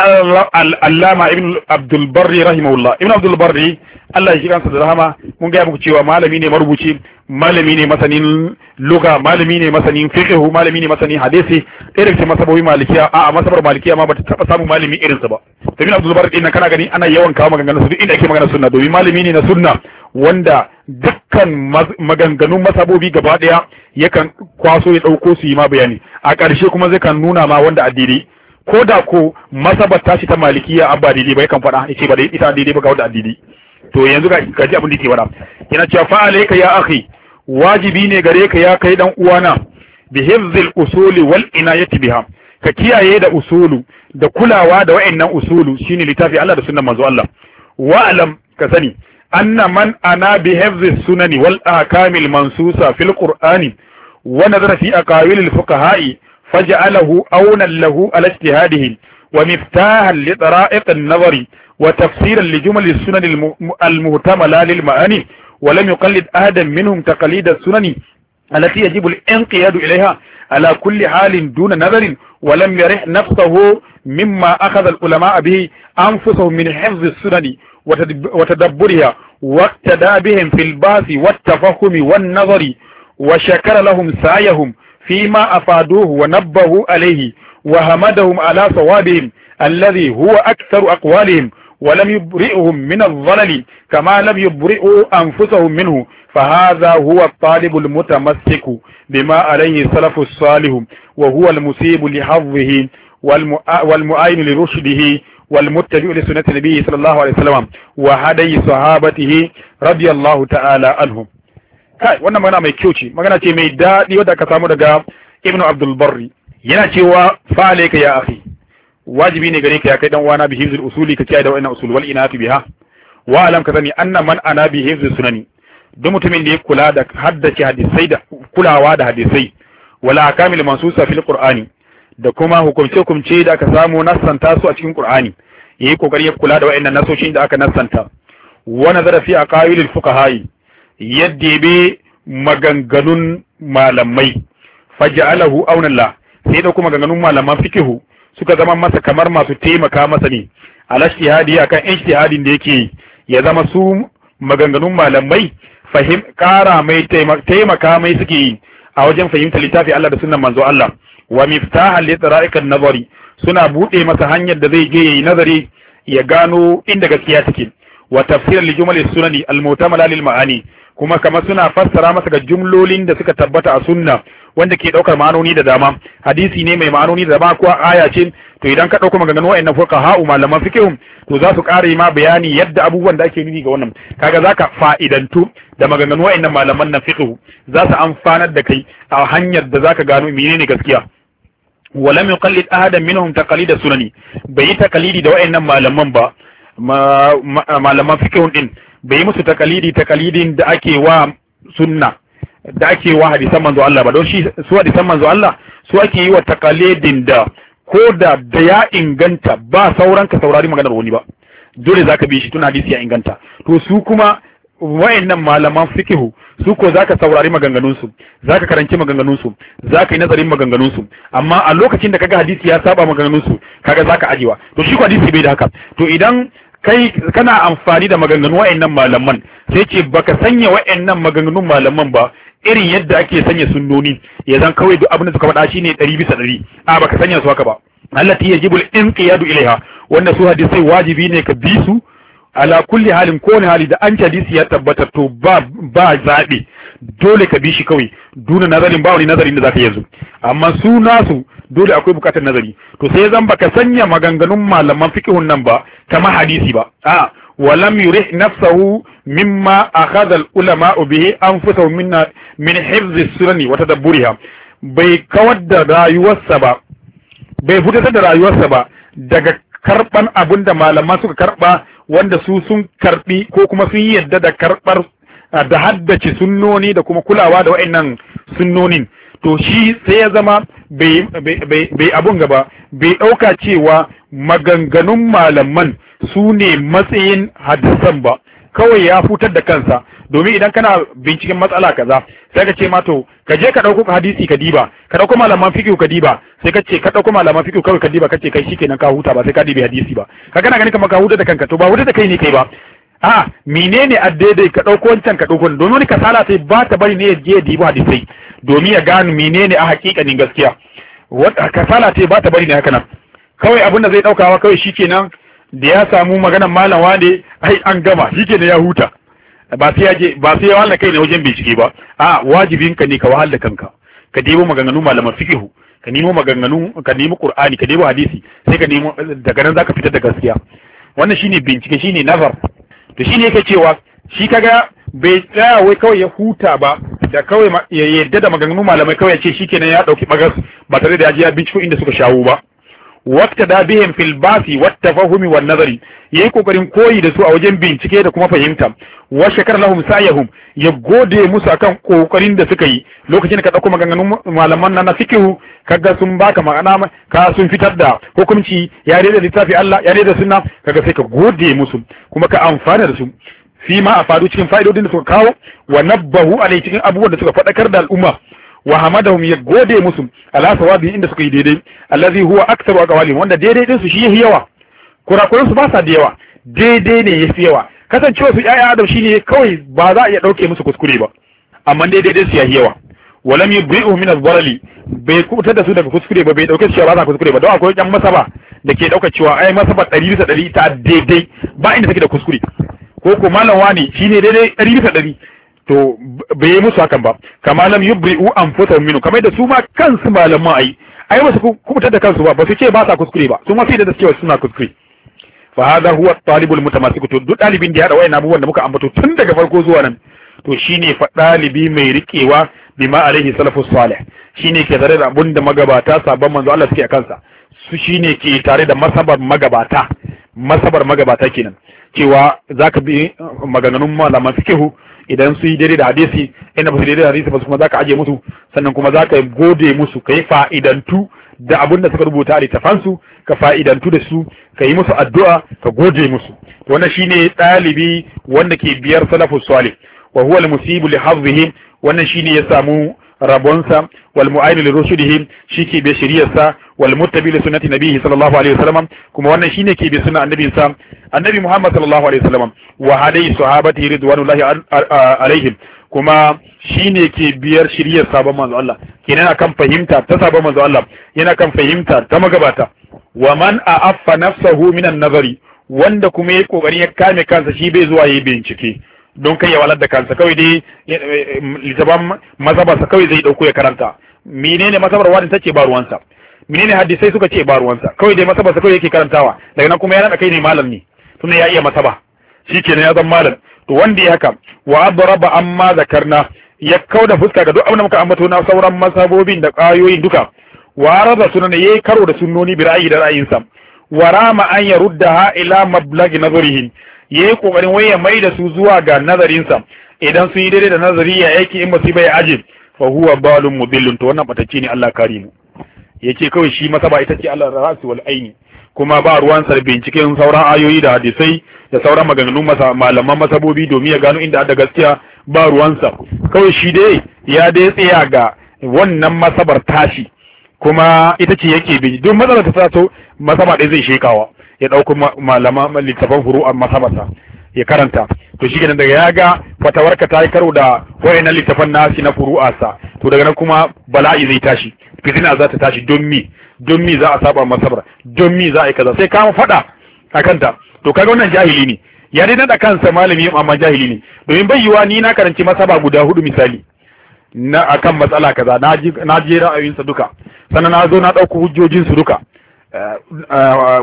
العلامة ابن عبد البر رحمه الله ابن عبد البر Allah ya kansa da rahama mun gaya muku cewa malami ne marubuci malami ne masanin lugha malami ne masanin fiqh malami ne masanin hadisi ɗaya daga cikin masabobi malikiya a a masabar malikiya ma bata taba samu malami irin sa ba to bin Abdul Barri kana gani ana yawan kawo maganganun su duk inda ake magana sunna domin sunna wanda dukkan maganganun masabobi gaba daya yakan kwaso ya dauko su yi ma bayani a ƙarshe kuma zai kan nuna ma wanda addini ko da ko masabar tashi ta malikiya an ba daidai ba yakan faɗa yace ba ita daidai ba ga wanda daidai to yanzu ga kaji abin da yake faɗa yana cewa fa alayka ya akhi wajibi ne gare ka ya kai dan uwana bi hifzil usuli wal inayati biha ka kiyaye da usulu da kulawa da wa'annan usulu shine littafi Allah da sunnan manzo Allah wa alam ka sani anna man ana bi hifzis sunani wal ahkamil mansusa fil qur'ani wa nadara fi aqawil al fuqaha'i فجعله أونا له على اجتهاده ومفتاحا لطرائق النظر وتفسيرا لجمل السنن المهتملة للمعاني ولم يقلد أحدا منهم تقليد السنن التي يجب الانقياد إليها على كل حال دون نظر ولم يرح نفسه مما أخذ العلماء به أنفسهم من حفظ السنن وتدبرها واقتدى بهم في الباث والتفهم والنظر وشكر لهم سعيهم فيما أفادوه ونبهوا عليه وهمدهم على صوابهم الذي هو أكثر أقوالهم ولم يبرئهم من الظلل كما لم يبرئوا أنفسهم منه فهذا هو الطالب المتمسك بما عليه السلف الصالح وهو المصيب لحظه والمؤاين لرشده والمتبع لسنة النبي صلى الله عليه وسلم وهدي صحابته رضي الله تعالى عنهم kai wannan magana mai kyau ce magana ce mai daɗi wadda aka samu daga ibnu abdul barri yana cewa fa alayka ya akhi wajibi ne gare ka ya kai dan wana bi hifzul usuli ka kiyaye da wannan usul wal inati biha wa alam ka sani anna man ana bi hifzul sunani duk mutumin da ya kula da haddace hadisai da kulawa da hadisai wala akamil mansusa fil qur'ani da kuma hukumce hukumce da aka samu nassanta su a cikin qur'ani yayi kokari ya kula da wayannan nasoshin da aka nassanta wa nazara fi aqawilil fuqaha'i ya bi maganganun malamai faja'alahu aunallah sai da kuma maganganun malaman fikihu suka zama masa kamar masu taimaka masa ne ala ijtihadi akan ijtihadin da yake ya zama su maganganun malamai fahim kara mai taimaka mai suke yi a wajen fahimta littafi Allah da sunan manzo Allah wa miftahan li nazari suna bude masa hanyar da zai je yayi nazari ya gano inda gaskiya take wa tafsirar li jumal sunani al mutamala lil ma'ani kuma kamar suna fassara masa ga jumlolin da suka tabbata a sunna wanda ke daukar ma'anoni da dama hadisi ne mai ma'anoni da dama ko aya ce to idan ka dauko maganganun wa'annan ha'u malaman fiqh to za su kare ma bayani yadda abubuwan da ake nufi ga wannan kaga zaka fa'idantu da maganganun wa'annan malaman na fiqh za su amfanar da kai a hanyar da zaka gano menene gaskiya ولم يقلد أحدا منهم تقليد السنن بي da دواء malaman ba. malaman fikihun din bai yi musu takalidi takalidin da ake wa sunna da ake wa hadisan manzo Allah ba don shi su hadisan manzo Allah su ake yi wa takalidin da ko da da ya inganta ba sauran ka saurari maganar wani ba dole zaka bi shi tun hadisi ya inganta to su kuma wayannan malaman fikihu su ko zaka saurari maganganunsu zaka karanci maganganunsu zaka yi nazarin maganganunsu amma a lokacin da kaga hadisi ya saba maganganunsu kaga zaka ajiwa to shi ko hadisi bai da haka to idan kai kana amfani da maganganun wayannan malaman sai ce baka sanya wayannan maganganun malaman ba irin yadda ake sanya sunnoni ya zan kawai duk abin da suka faɗa shine 100 bisa 100 a baka sanya su haka ba allati yajibu al-inqiyadu ilaiha wanda su hadisi wajibi ne ka bi su ala kulli halin kowane hali da an hadisi ya tabbata to ba ba zaɓe dole ka bi shi kawai duna nazarin ba wani nazarin da zaka yanzu amma su nasu dole akwai bukatar nazari to sai zan baka sanya maganganun malaman fiqhun nan ba kama hadisi ba a mimma akhadha al ulama bihi العلماء minna min hifz من حفظ wa tadabburiha bai kawar da rayuwarsa ba bai fitar da rayuwarsa ba daga karban abinda da malaman suka karba wanda su sun karbi ko kuma sun yi yadda da karbar da haddace sunnoni da kuma kulawa da wa'annan sunnonin to shi sai ya zama bai abun gaba bai ɗauka cewa maganganun malaman su ne matsayin hadisan ba kawai ya futar da kansa domin idan kana binciken matsala kaza sai ka ce ma to ka je ka dauko hadisi ka diba ka dauko malaman fiqh ka diba sai ka ce ka dauko malaman fiqh kawai ka diba ka ce kai shikenan ka huta ba sai ka dibi hadisi ba ka gana gani kamar ka huta da kanka to ba huta da kai ne kai ba a menene addadai ka dauko wancan ka dauko domin wani kasala sai ba ta bari ne ya je dibi hadisai domin ya gano menene a hakikanin gaskiya kasala sai ba ta bari ne haka nan kawai abin da zai daukawa kawai shikenan da ya samu maganan malam wane ai an gama shikenan ya huta ba sai yaje ba sai ya wahala kai ne wajen bincike ba a wajibin ka ne ka wahala kanka ka debo maganganu malaman fiqh ka nemo maganganu ka nemo qur'ani ka debo hadisi sai ka nemo daga nan zaka fitar da gaskiya wannan shine bincike shine nazar to shine yake cewa shi kaga bai tsaya wai kawai ya huta ba da kawai ya yarda da maganganu malamai kawai ya ce shikenan ya dauki magas ba tare da ya je ya binciko inda suka shawo ba Wata bihim fil basi wata fahimi wa nazari yayi kokarin koyi da su a wajen bincike da kuma fahimta wa shakar lahum sayahum ya gode musu akan kokarin da suka yi lokacin da ka dauko maganganun malaman nan na fikihu kaga sun baka ma'ana ka sun fitar da hukunci ya da littafi Allah ya da sunna kaga sai ka gode musu kuma ka amfana da su fi ma a faru cikin fa'idodin da suka kawo wa nabbahu alai cikin abubuwan da suka faɗakar da al'umma wa hamadahum ya gode musu ala sawabi inda suka yi daidai allazi huwa aktsaru aqwali wanda daidai din su shi yafi yawa kurakuran su ba sa da yawa daidai ne yafi yawa kasancewa su ƴaƴan adam shine kawai ba za a iya dauke musu kuskure ba amma daidai din su yafi yawa walam yubri'u min az-zarali bai kutar da su daga kuskure ba bai dauke shi ba za kuskure ba don akwai ƴan masaba da ke daukar cewa ai masaba 100 bisa 100 ta daidai ba inda take da kuskure ko ko malam wani shine daidai 100 100 to bai yi musu hakan ba kama lam yubri'u anfusahum minu kamar da su ma kansu malaman ai ai ba su kuma da kansu ba ba su ce ba sa kuskure ba su su yi da cewa suna kuskure fa hadha huwa talibul mutamassik to duk dalibin da ya hada wayan abubuwan da muka ambato tun daga farko zuwa nan to shine fa dalibi mai rikewa bima alaihi salafus salih shine ke tare da abun da magabata sabon manzo Allah suke a kansa, su shine ke tare da masabar magabata masabar magabata kenan cewa zaka bi maganganun malaman fikihu idan su yi daidai da hadisi inda ba su daidai da hadisi ba kuma kuma ka aje musu sannan kuma za ka gode musu ka yi fa'idantu da abin da suka rubuta a littafansu ka fa'idantu da su ka yi musu addu'a ka gode musu to wannan shine ɗalibi wanda ke biyar salafu salih wa huwa al-musibu li hazzihi wannan shine ya samu rabonsa wal mu'ayyin li rusudihi shike bi shiriyarsa wal muttabi li sunnati nabihi sallallahu alaihi wasallam kuma wannan shi ne ke bi sunna annabi sa annabi Muhammad sallallahu alaihi wasallam wa hadai sahabati ridwanullahi alaihim kuma shi ne ke biyar shiriyar sabon manzo Allah kenan akan fahimta ta sabon manzo Allah yana kan fahimta ta magabata wa man a'affa nafsahu minan nazari wanda kuma ya kokari ya kame kansa shi bai zuwa yi bincike don kai ya walar da kansa kawai dai eh, eh, littafan sa, kawai zai dauko ya karanta menene mazhabar wani ta ce ba ruwansa menene hadisai suka ce ba ruwansa kawai dai mazhabarsa kawai yake karantawa daga nan kuma ya nada kai ne malam ne tunda ya iya mazhaba shikenan ya zama malam to wanda ya haka wa adraba amma zakarna ya kauda fuska ga duk abin da muka ambato na sauran mazhabobin da kayoyin duka wa rada sunan yayi karo da sunnoni bi ra'ayi da ra'ayinsa wa rama an yaruddaha ila mablagi nazarihin ya yi ƙoƙarin wai ya mai da su zuwa ga nazarinsa idan sun yi daidai da nazari ya aiki in basu bai aji fa huwa balun mudillun to wannan batacce ne Allah kare mu yace kawai shi masaba ita ce Allah rasu wal aini kuma ba ruwan sa binciken sauran ayoyi da hadisai da sauran maganganun masa malaman masabobi domin ya gano inda da gaskiya ba ruwan sa kawai shi dai ya dai tsaya ga wannan masabar tashi kuma ita ce yake bi duk matsalar ta taso masaba ɗaya zai shekawa ya ɗauko malama littafan furu'an masamasa ya karanta to shi daga ya ga fatawarka ta yi karo da na littafan nasi na asa to daga nan kuma bala'i zai tashi fitina za ta tashi don mi don mi za a saba masabar don mi za a yi kaza sai kama faɗa a kanta to kaga wannan jahili ne ya dai nada kansa malami amma jahili ne domin bai yiwa ni na karanci masaba guda hudu misali na akan matsala kaza na je ra'ayinsa duka sannan na zo na ɗauko hujjojinsu duka Eh,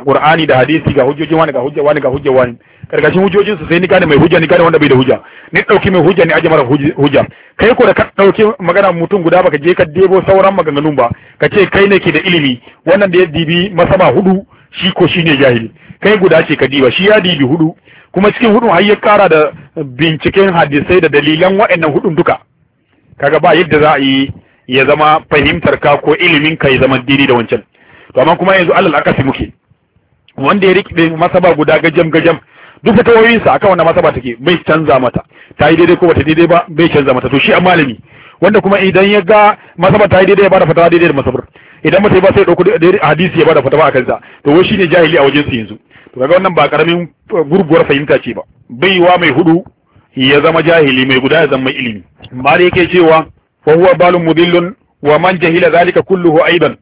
Qur'ani da hadisi ga hujjojin wani ga hujja wani ga hujja wani karkashin hujjojin su sai ni gane mai hujja ni gane wanda bai da hujja ni dauki mai hujja ni aje mara hujja kai ko da ka dauki magana mutum guda baka je ka debo sauran maganganun ba ka ce kai ne ke da ilimi wannan da ya dibi masaba hudu shi ko shine jahili kai guda ce ka diba shi ya dibi hudu kuma cikin hudun har ya kara da binciken hadisai da dalilan waɗannan hudun duka kaga ba yadda za a yi ya zama fahimtar ka ko ilimin ka ya zama dini da wancan to amma kuma yanzu alal akasi muke wanda ya rikide masaba guda gajam gajam duk fatawoyin sa akan wannan masaba take bai canza mata ta yi daidai ko bata daidai ba bai canza mata to shi a malami wanda kuma idan ya ga masaba ta yi daidai ya bada fatawa daidai da masabar idan mata ba sai dauko hadisi ya bada fatawa akan sa to wai shine jahili a wajen su yanzu to kaga wannan ba karamin gurguwar fahimta ce ba baiwa mai hudu ya zama jahili mai guda ya zama ilimi da yake cewa wa huwa balun mudillun wa man jahila zalika kulluhu aidan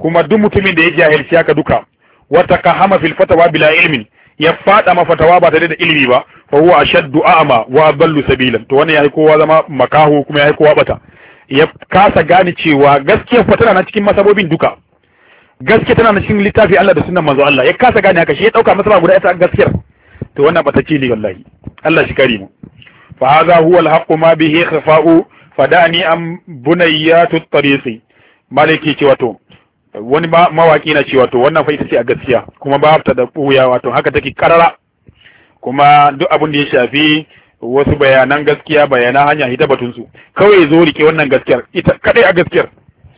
kuma duk mutumin da ya jahilci haka duka wata kahama fil fatawa bila ilmin ya fada ma fatawa ba tare da ilimi ba fa huwa ashaddu a'ma wa ballu sabila to wannan yayi kowa zama makaho kuma yayi kowa bata ya kasa gane cewa gaskiya fa tana cikin masabobin duka gaskiya tana cikin littafi Allah da sunnan manzo Allah ya kasa gane haka shi ya dauka masaba guda ita gaskiyar to wannan bata ce li wallahi Allah shi kare mu fa hadha huwa al-haqqu ma bihi khifa'u fadani am bunayatu at-tariqi maliki ce wato wani mawaki na cewa to wannan fa ita ce a gaskiya kuma ba ta da buya wato haka take karara kuma duk abin da ya shafi wasu bayanan gaskiya bayanan hanya ita batun su kawai zo rike wannan gaskiyar ita kadai a gaskiyar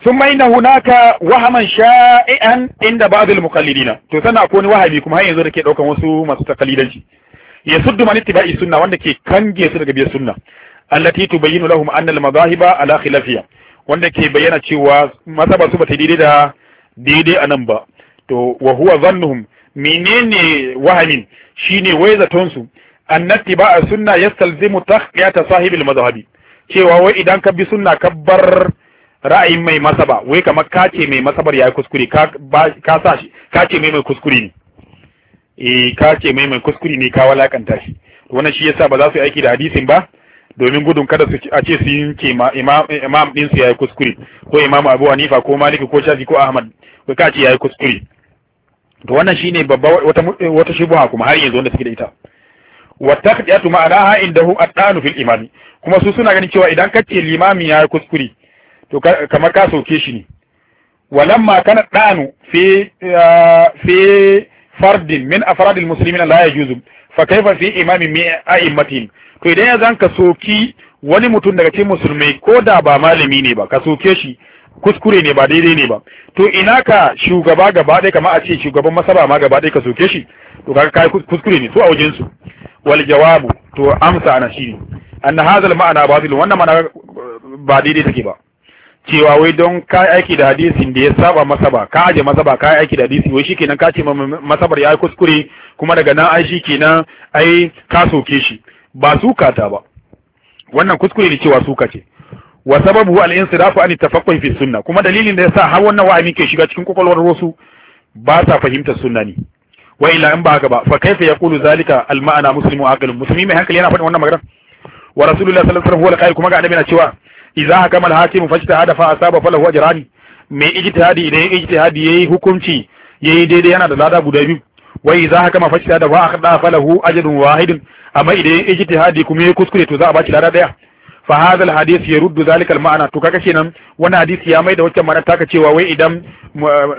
sun na hunaka wahaman sha'i'an inda ba'dul muqallidina to sana ko ni wahabi kuma har yanzu da ke daukan wasu masu takalidanci ya suddu man ittiba'i sunna wanda ke kange su daga biyar sunna allati tubayyinu lahum anna al-madahiba ala khilafiya wanda ke bayyana cewa ba su ta daidai da daidai a nan ba to wa huwa zannuhum menene wahamin shine wai zaton su annati ba sunna ya ta sahibil mazhabi cewa wai idan ka bi sunna bar ra'ayin mai masaba wai kamar ka ce mai masabar yi kuskure ka ka sa shi ka ce mai mai kuskure ne e ka ce mai mai kuskure ne ka walakanta shi wannan shi yasa ba za su yi aiki da hadisin ba domin gudun kada su a ce su yanke imam din su yayi kuskure ko imam Abu Hanifa ko Maliki ko Shafi ko Ahmad ko ka ce yayi kuskure to wannan shine babba wata wata kuma har yanzu wanda suke da ita wa taqdiyatu ma'anaha indahu at-tanu fil imani kuma su suna ganin cewa idan kace limami yayi kuskure to kamar ka soke shi ne walamma kana danu fi fi fardin min afradil muslimin la yajuzu fa kaifa fi imamin min to idan ya zan ka soki wani mutum daga cikin musulmai ko da ba malami ne ba ka soke shi kuskure ne ba daidai ne ba to ina ka shugaba gaba ɗaya kamar a ce shugaban masaba ma gaba ɗaya ka soke shi to kaga kai kuskure ne su a wajen su wal jawabu to amsa ana shine anna hadal ma'ana batil wannan ma'ana ba daidai take ba cewa wai don ka aiki da hadisin da ya saba masaba ka aje masaba ka aiki da hadisi wai shikenan ka ce masabar ya kuskure kuma daga nan ai shikenan ai ka soke shi ba suka ta ba wannan kuskure ne cewa suka ce wa sababu al-insirafu an tafaqquh fi sunna kuma dalilin da yasa har wannan wa'ayi ke shiga cikin kokolwar wasu ba sa fahimta sunna ne wa illa in ba haka ba fa kaifa yaqulu zalika al-ma'ana muslimu aqilun muslimi mai hankali yana faɗin wannan magana wa rasulullahi sallallahu alaihi wasallam kuma ga annabi na cewa idza hakama al-hakim fajtahada fa asaba falahu ajrani mai ijtihadi idan ijtihadi yayi hukunci yayi daidai yana da lada guda biyu wa idza kama fashta da fa akhda falahu ajrun wahidun amma idan ijtihadi kuma ya kuskure to za a bashi lada daya fa hadha alhadith yaruddu zalika almaana to kaga kenan wannan hadisi ya mai da wacce ma'ana taka cewa wai idan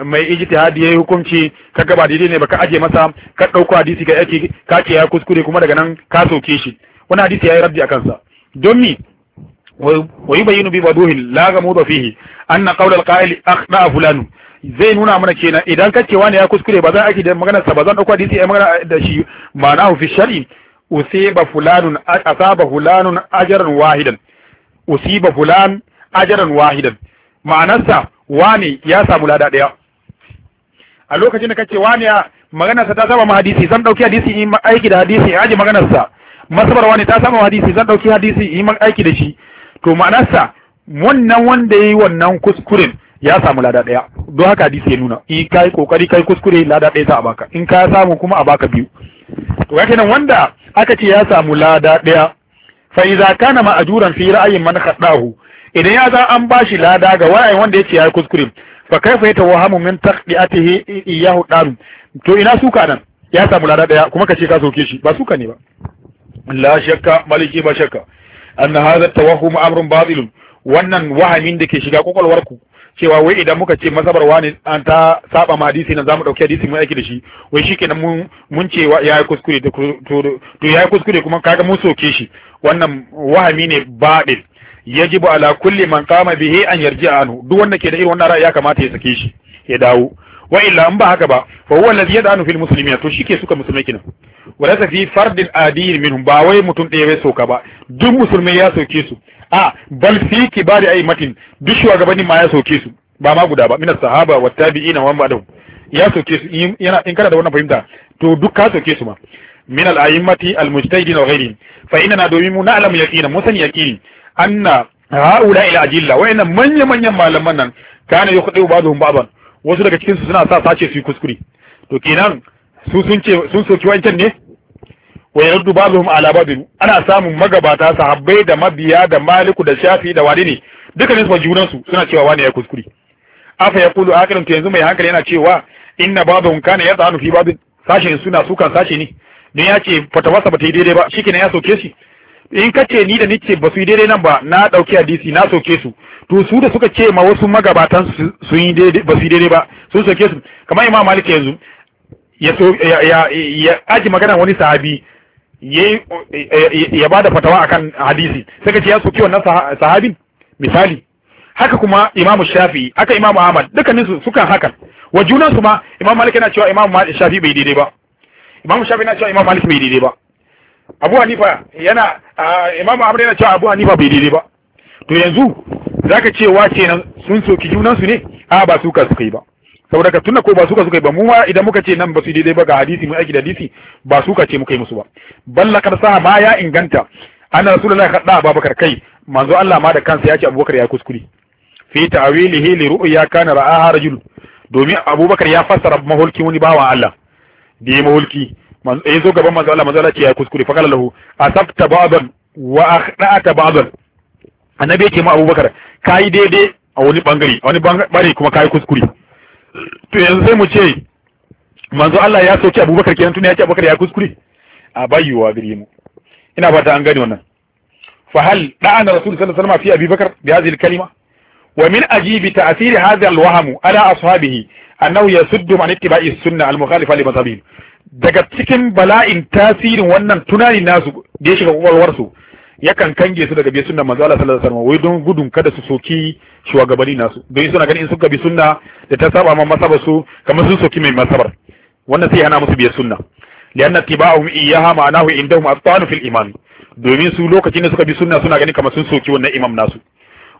mai ijtihadi yayi hukunci kaga ba daidai ne ba ka aje masa ka dauko hadisi ga yake ka ce ya kuskure kuma daga nan ka soke shi wannan hadisi yayi rabbi akan sa don mi bi ويبين بوضوح لا غموض فيه أن قول القائل أخطأ fulanu. zai nuna mana kenan idan ce wani ya kuskure ba zan aiki da magana sa ba zan dauko hadisi ai magana da shi ma'ana fi shar'i usiba fulanun asaba fulanun ajran wahidan usiba fulan ajran wahidan ma'anarsa wani ya samu lada daya a lokacin da kace wani ya magana sa ta saba ma hadisi zan dauki hadisi in aiki da hadisi in aji maganar sa masabar wani ta saba ma hadisi zan dauki hadisi in aiki da shi to ma'anarsa wannan wanda yayi wannan kuskuren ya samu lada ɗaya. don haka hadisi ya nuna in kai kokari kai kuskure lada ɗaya za a baka in ka samu kuma a baka biyu to yake nan wanda aka ce ya samu lada ɗaya, fa idza kana ma'juran fi ra'ayin man khadahu idan ya za an bashi lada ga wayan wanda yace ya kuskure fa kaifa yatawahamu min taqdiatihi iyahu dan to ina suka nan ya samu lada ɗaya? kuma ka ce ka soke shi ba suka ne ba la shakka maliki ba shakka anna hadha tawahhum amrun batilun wannan wahamin da ke shiga ku cewa wai idan muka ce masabar wani an ta saba ma hadisi nan zamu dauki hadisi mu aiki da shi wai shikenan mun mun ce yayi kuskure to yayi kuskure kuma kaga mun soke shi wannan wahami ne baɗin yajibu ala kulli man qama bihi an yarji anhu duk wanda ke da irin wannan ra'ayi ya kamata ya sake shi ya dawo wa illa an ba haka ba fa huwa alladhi yad'anu fil muslimin to shike suka musulmai kinan wa la fi fardin adil minhum ba wai mutum ɗaya bai soka ba duk musulmai ya soke su a bal fi kibari matin duk shugabannin ma ya soke su ba ma guda ba minas sahaba wa tabi'ina wa ba'dahu ya soke su yana in kana da wannan fahimta to duk ka soke su ma min al a'immati al mujtahidin wa ghayrihim fa inna domin mu na'lamu yaqina mun sani yaqini anna haula ila ajilla wa inna manya manyan malaman nan kana yukhdiu ba'dhum ba'dan wasu daga cikin su suna sa sace su kuskure to kenan su sun ce sun soki wancan ne wa yaddu ba'dhum ala babin ana samun magabata sahabbai da mabiya da maliku da shafi da wani ne dukkanin su junan su suna cewa wani ya kuskure afa yaqulu akran to yanzu mai hankali yana cewa inna ba'dhum kana yadhanu fi ba'd sashin suna suka sashi ne don ya ce fatawarsa ba ta yi daidai ba shikenan ya soke shi in ka ce ni da ni ce ba su yi daidai nan ba na ɗauki hadisi na soke su to su da suka ce ma wasu magabatan su yi daidai ba su yi daidai ba sun soke su kamar imam malik yanzu ya aji magana wani sahabi Eh, ya ba da fatawa akan hadisi sai kace ce ya soki wannan sahabin misali haka kuma imam shafi haka imam ahmad dukkanin su sukan haka, wa junan su ma imam malik yana cewa imam shafi bai daidai ba imam shafi yana cewa imam malik bai daidai ba abu hanifa yana ah, imam ahmad yana cewa abu hanifa bai daidai ba to yanzu zaka ce wace nan sun soki junan su ne a ba suka suka yi ba saboda ka tunna ko ba suka suka yi ba mu ma idan muka ce nan ba su daidai ba ga hadisi mu aiki da hadisi ba suka ce muka yi musu ba balla sa ma ya inganta ana rasulullahi kadda babakar kai manzo Allah ma da kansa ya ce abubakar ya kuskure fi ta'wilihi li ru'ya kana ra'aha rajul domin abubakar ya fassara mahulki wani bawa Allah da ya mahulki ya zo gaban manzo Allah manzo Allah ce ya kuskure fa kala lahu asabta ba'dan wa akhda'ata ba'dan annabi ke ma abubakar kai daidai a wani bangare a wani bangare kuma kai kuskure to yanzu sai mu ce manzo Allah ya soki Abubakar kenan tun ya ce Abubakar ya kuskure a bayuwa gare mu ina fata an gani wannan fa hal da'ana rasul sallallahu alaihi wasallam fi Abubakar bi hadhihi kalima wa min ajibi ta'sir hadha al-wahm ala ashabihi annahu yasuddu an ittiba'i as-sunnah al-mukhalifa li madhhabihi daga cikin bala'in tasirin wannan tunani nasu da ya shiga kwakwalwarsu yakan kange su daga bi sunna manzo Allah sallallahu alaihi wasallam wai don gudun kada su soki shugabanni nasu don suna ganin in suka bi sunna da ta saba ma masabar su kamar sun soki mai masabar wannan sai hana musu biyar sunna lianna tiba'uhum iyyaha ma'anahu indahum astanu fil iman domin su lokacin da suka bi sunna suna ganin kamar sun soki wannan imam nasu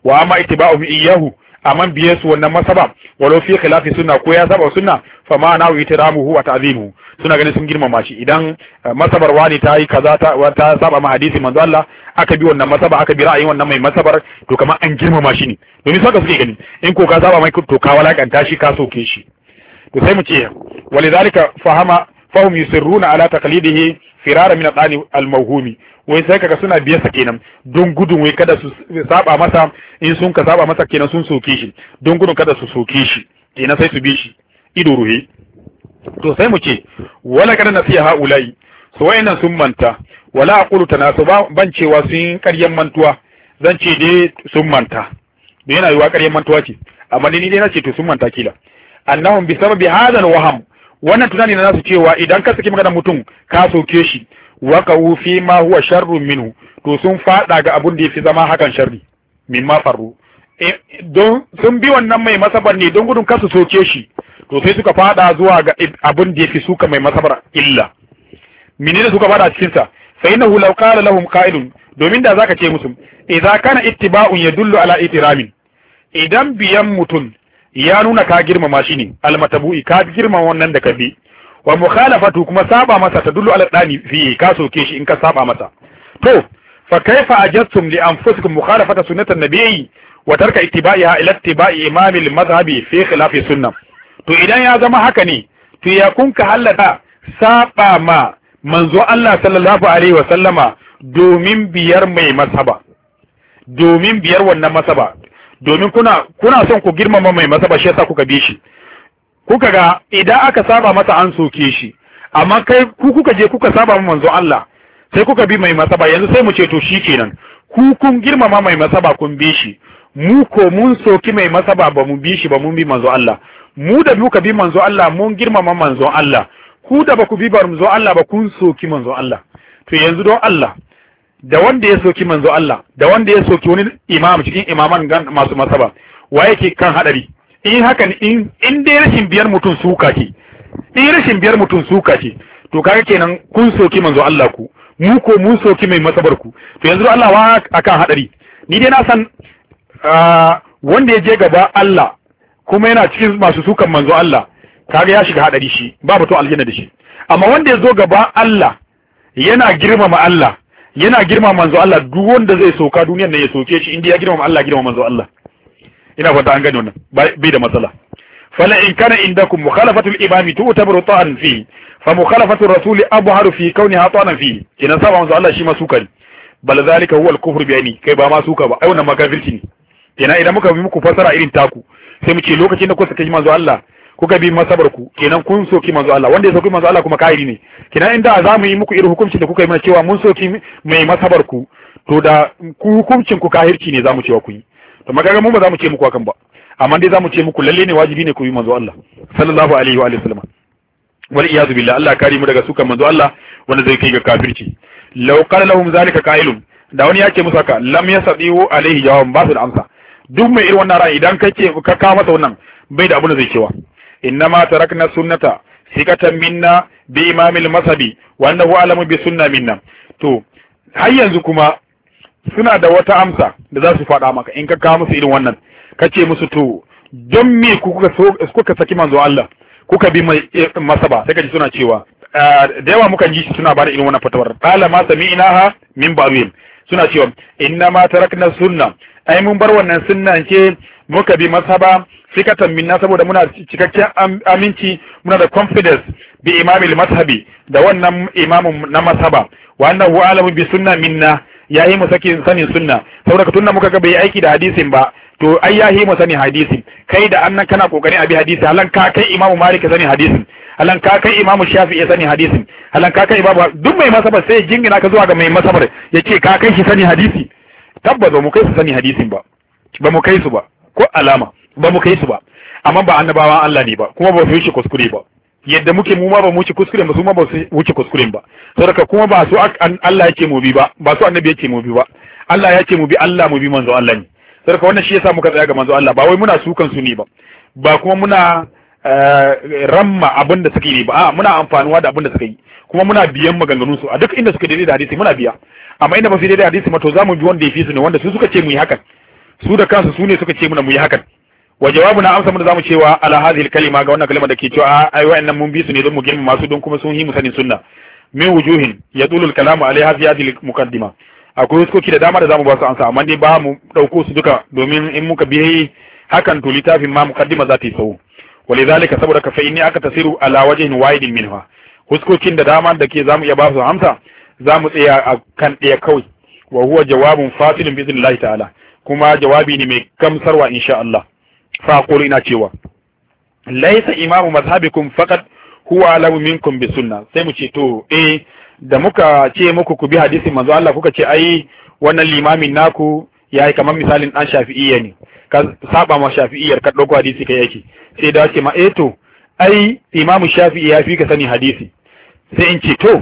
wa amma ittiba'uhum iyahu. Aman biye su wannan masaba walau fi khilafi sunna ko ya saba sunna fa ma na itiramuhu wa ta'zimu suna ganin sun girmama shi idan eh, masabar wani ta yi kaza ta ta saba ma hadisi manzo Allah aka bi wannan masaba aka bi ra'ayin wannan mai masabar to kamar an girmama shi ne domin saka suke gani in ko ka saba mai to ka walakanta shi ka soke shi to sai mu ce walidhalika fahama fahum yusirruna ala taqlidihi firara min al-mawhumi wai sai kaga suna biyar sa kenan don gudun wai kada su saba masa in sun ka saba masa kenan sun soke shi don gudun kada su soke shi kenan sai su bi shi ido ruhe to sai mu ce wala kada nasiha haulai su nan sun manta wala aqulu tanasu ban cewa sun karyan mantuwa zan ce dai sun manta da yana yiwa karyan mantuwa ce amma ni dai na ce to sun manta kila annahum bi sababi hadal waham wannan tunani na nasu cewa idan ka saki magana mutum ka soke shi Waka fi ma huwa sharrun minhu to sun fada ga abun da yafi zama hakan sharri ma faru e, don sun bi wannan mai masabar ne don gudun kasu soke shi to sai suka fada zuwa ga abun da yafi suka mai masabar illa menene suka fada cikin sa fa innahu law qala lahum qa'ilun domin da zaka ce musu idza kana ittiba'un yadullu ala itiramin idan biyan mutum ya nuna ka girmama shi ne almatabu'i ka girmama wannan da ka bi wa mukhalafatu kuma saba masa tadullu ala dani fi ka soke shi in ka saba masa to fa kaifa ajattum li anfusikum mukhalafata sunnatan nabiyyi wa tarka ittiba'iha ila ittiba'i imam al-madhhabi fi khilafi sunnah to idan ya zama haka ne to ya kun ka hallata saba ma manzo Allah sallallahu alaihi wa sallama domin biyar mai masaba domin biyar wannan masaba domin kuna kuna son ku girmama mai masaba shi yasa kuka bi shi kuka ga idan aka saba masa an soke shi amma kai ku kuka je kuka saba ma manzo Allah sai kuka bi mai masaba yanzu sai mu ce to shikenan ku kun girmama mai masaba kun bi shi mu ko mun soki mai masaba ba mu bi shi ba mun bi manzo Allah mu da muka bi manzo Allah mun girmama manzo Allah ku da ba ku bi manzo Allah ba kun soki manzo Allah to yanzu don Allah da wanda ya soki manzo Allah da wanda ya soki wani imam cikin imaman masu masaba wa yake kan hadari in haka in dai rashin biyar mutum suka ce in rashin biyar mutum suka ce to kaga kenan kun soki manzo Allah ku mu ko mun soki mai masabar ku to yanzu Allah wa akan hadari ni dai na san wanda ya je gaba Allah kuma yana cikin masu sukan manzo Allah kaga ya shiga hadari shi ba batu aljanna da shi amma wanda ya zo gaba Allah yana girmama Allah yana girmama manzo Allah duk wanda zai soka duniyar nan ya soke shi inda ya girmama Allah girmama manzo Allah ina fata an gani wannan bai da matsala fala in kana indakum mukhalafatu al-imami tu'tabaru ta'an fi fa mukhalafatu ar-rasul abharu fi ha ta'an fi kina saba manzo Allah shi ma suka ne bal zalika huwa al-kufr bi ayni kai ba ma suka ba ai wannan makafirci ne kina idan muka bi muku fasara irin taku sai mu lokacin da ku saka manzo Allah kuka bi masabar ku kenan kun soki manzo Allah wanda ya soki manzo Allah kuma kairi ne kenan inda za mu yi muku irin hukuncin da kuka yi mana cewa mun soki mai masabar ku to da ku hukuncin ku kahirci ne zamu cewa ku yi to magaga mu ba za mu ce muku hakan ba amma dai za mu ce muku lalle ne wajibi ne ku yi manzo Allah sallallahu alaihi wa sallam wal iyadu billah Allah kare mu daga sukan manzo Allah wanda zai kai ga kafirci law qala lahum zalika qailun da wani ya ce musu haka lam yasbiu alaihi jawab ba su da amsa duk mai irin wannan ra'ayi idan kake ka ka masa wannan bai da abin da zai cewa innama tarakna sunnata sikatan minna bi imamil masabi wa annahu alamu bi sunna minna to har yanzu kuma suna da wata amsa da za su faɗa maka in ka kawo musu irin wannan ka ce musu to don me kuka saki manzo Allah kuka bi eh, masa Masaba, sai ka ji suna cewa ah, da yawa mukan ji suna ba da irin wannan fatawar qala ma sami'naha min ba'dihim suna cewa inna ma tarakna sunna ai mun bar wannan sunna ce muka bi masaba fikatan minna saboda muna cikakken aminci muna da confidence bi imamil mashabi da wannan imamun na masaba wa annahu bi sunna minna ya yi mu sakin sanin sunna saboda tunna muka ga bai aiki da hadisin ba to ai ya yi mu sanin hadisin kai da annan kana kokari abi hadisi halan ka kai imamu malik sanin hadisin halan ka kai imamu shafi ya sanin hadisin halan ka kai babu duk mai masaba sai jingina ka zuwa ga mai masabar yace ka kai shi sanin hadisi tabbata mu kai su sanin hadisin ba ba mu kai su ba ko alama ba mu kai su ba amma ba annabawan Allah ne ba kuma ba su yi shi kuskure ba yadda muke mu ma ba mu wuce kuskuren ba su ma ba su wuce kuskuren ba saboda kuma ba su Allah yake mu bi ba ba su annabi yake mu bi ba Allah ya ce mu bi Allah mu bi manzo Allah ne saboda wannan shi yasa muka tsaya ga manzo Allah ba wai muna sukan su ne ba ba kuma muna eh, ramma abin da suka yi ba a'a muna amfanuwa da abin da suka yi kuma muna biyan maganganun su a duk inda suka daidai da hadisi muna biya amma inda ba su daidai da hadisi ma to zamu bi wanda ya fi su ne wanda su suka ce mu yi hakan su da kansu su ne suka ce muna mu yi hakan wa na amsa mun zamu cewa ala hadhihi kalima ga wannan kalima da ke cewa ai wa'annan mun bi su ne don mu girmama masu don kuma sun yi mu sanin sunna min wujuhin yadulu al-kalamu alaiha fi hadhihi muqaddima akwai huskoki da dama da zamu ba su amsa amma dai ba mu dauko su duka domin in muka bi hakan to littafin ma muqaddima za ta yi wale walidhalika saboda ka fa inni aka tasiru ala wajhin wahidin minha huskokin da dama da ke zamu iya ba su amsa zamu tsaya a kan ɗaya kawai wa huwa jawabun fasilun bi ta'ala kuma jawabi ne mai gamsarwa insha Allah fa ina cewa laisa imamu mazhabikum faqat huwa alamu minkum bi sunna sai mu ce to eh da muka ce muku ku bi hadisi manzo Allah kuka ce ai wannan limamin naku yayi kamar misalin dan shafi'iyya ne ka saba ma shafi'iyyar ka dauko hadisi kai yake sai da ce ma eh to ai imamu shafi'i ya fi ka sani hadisi sai in ce to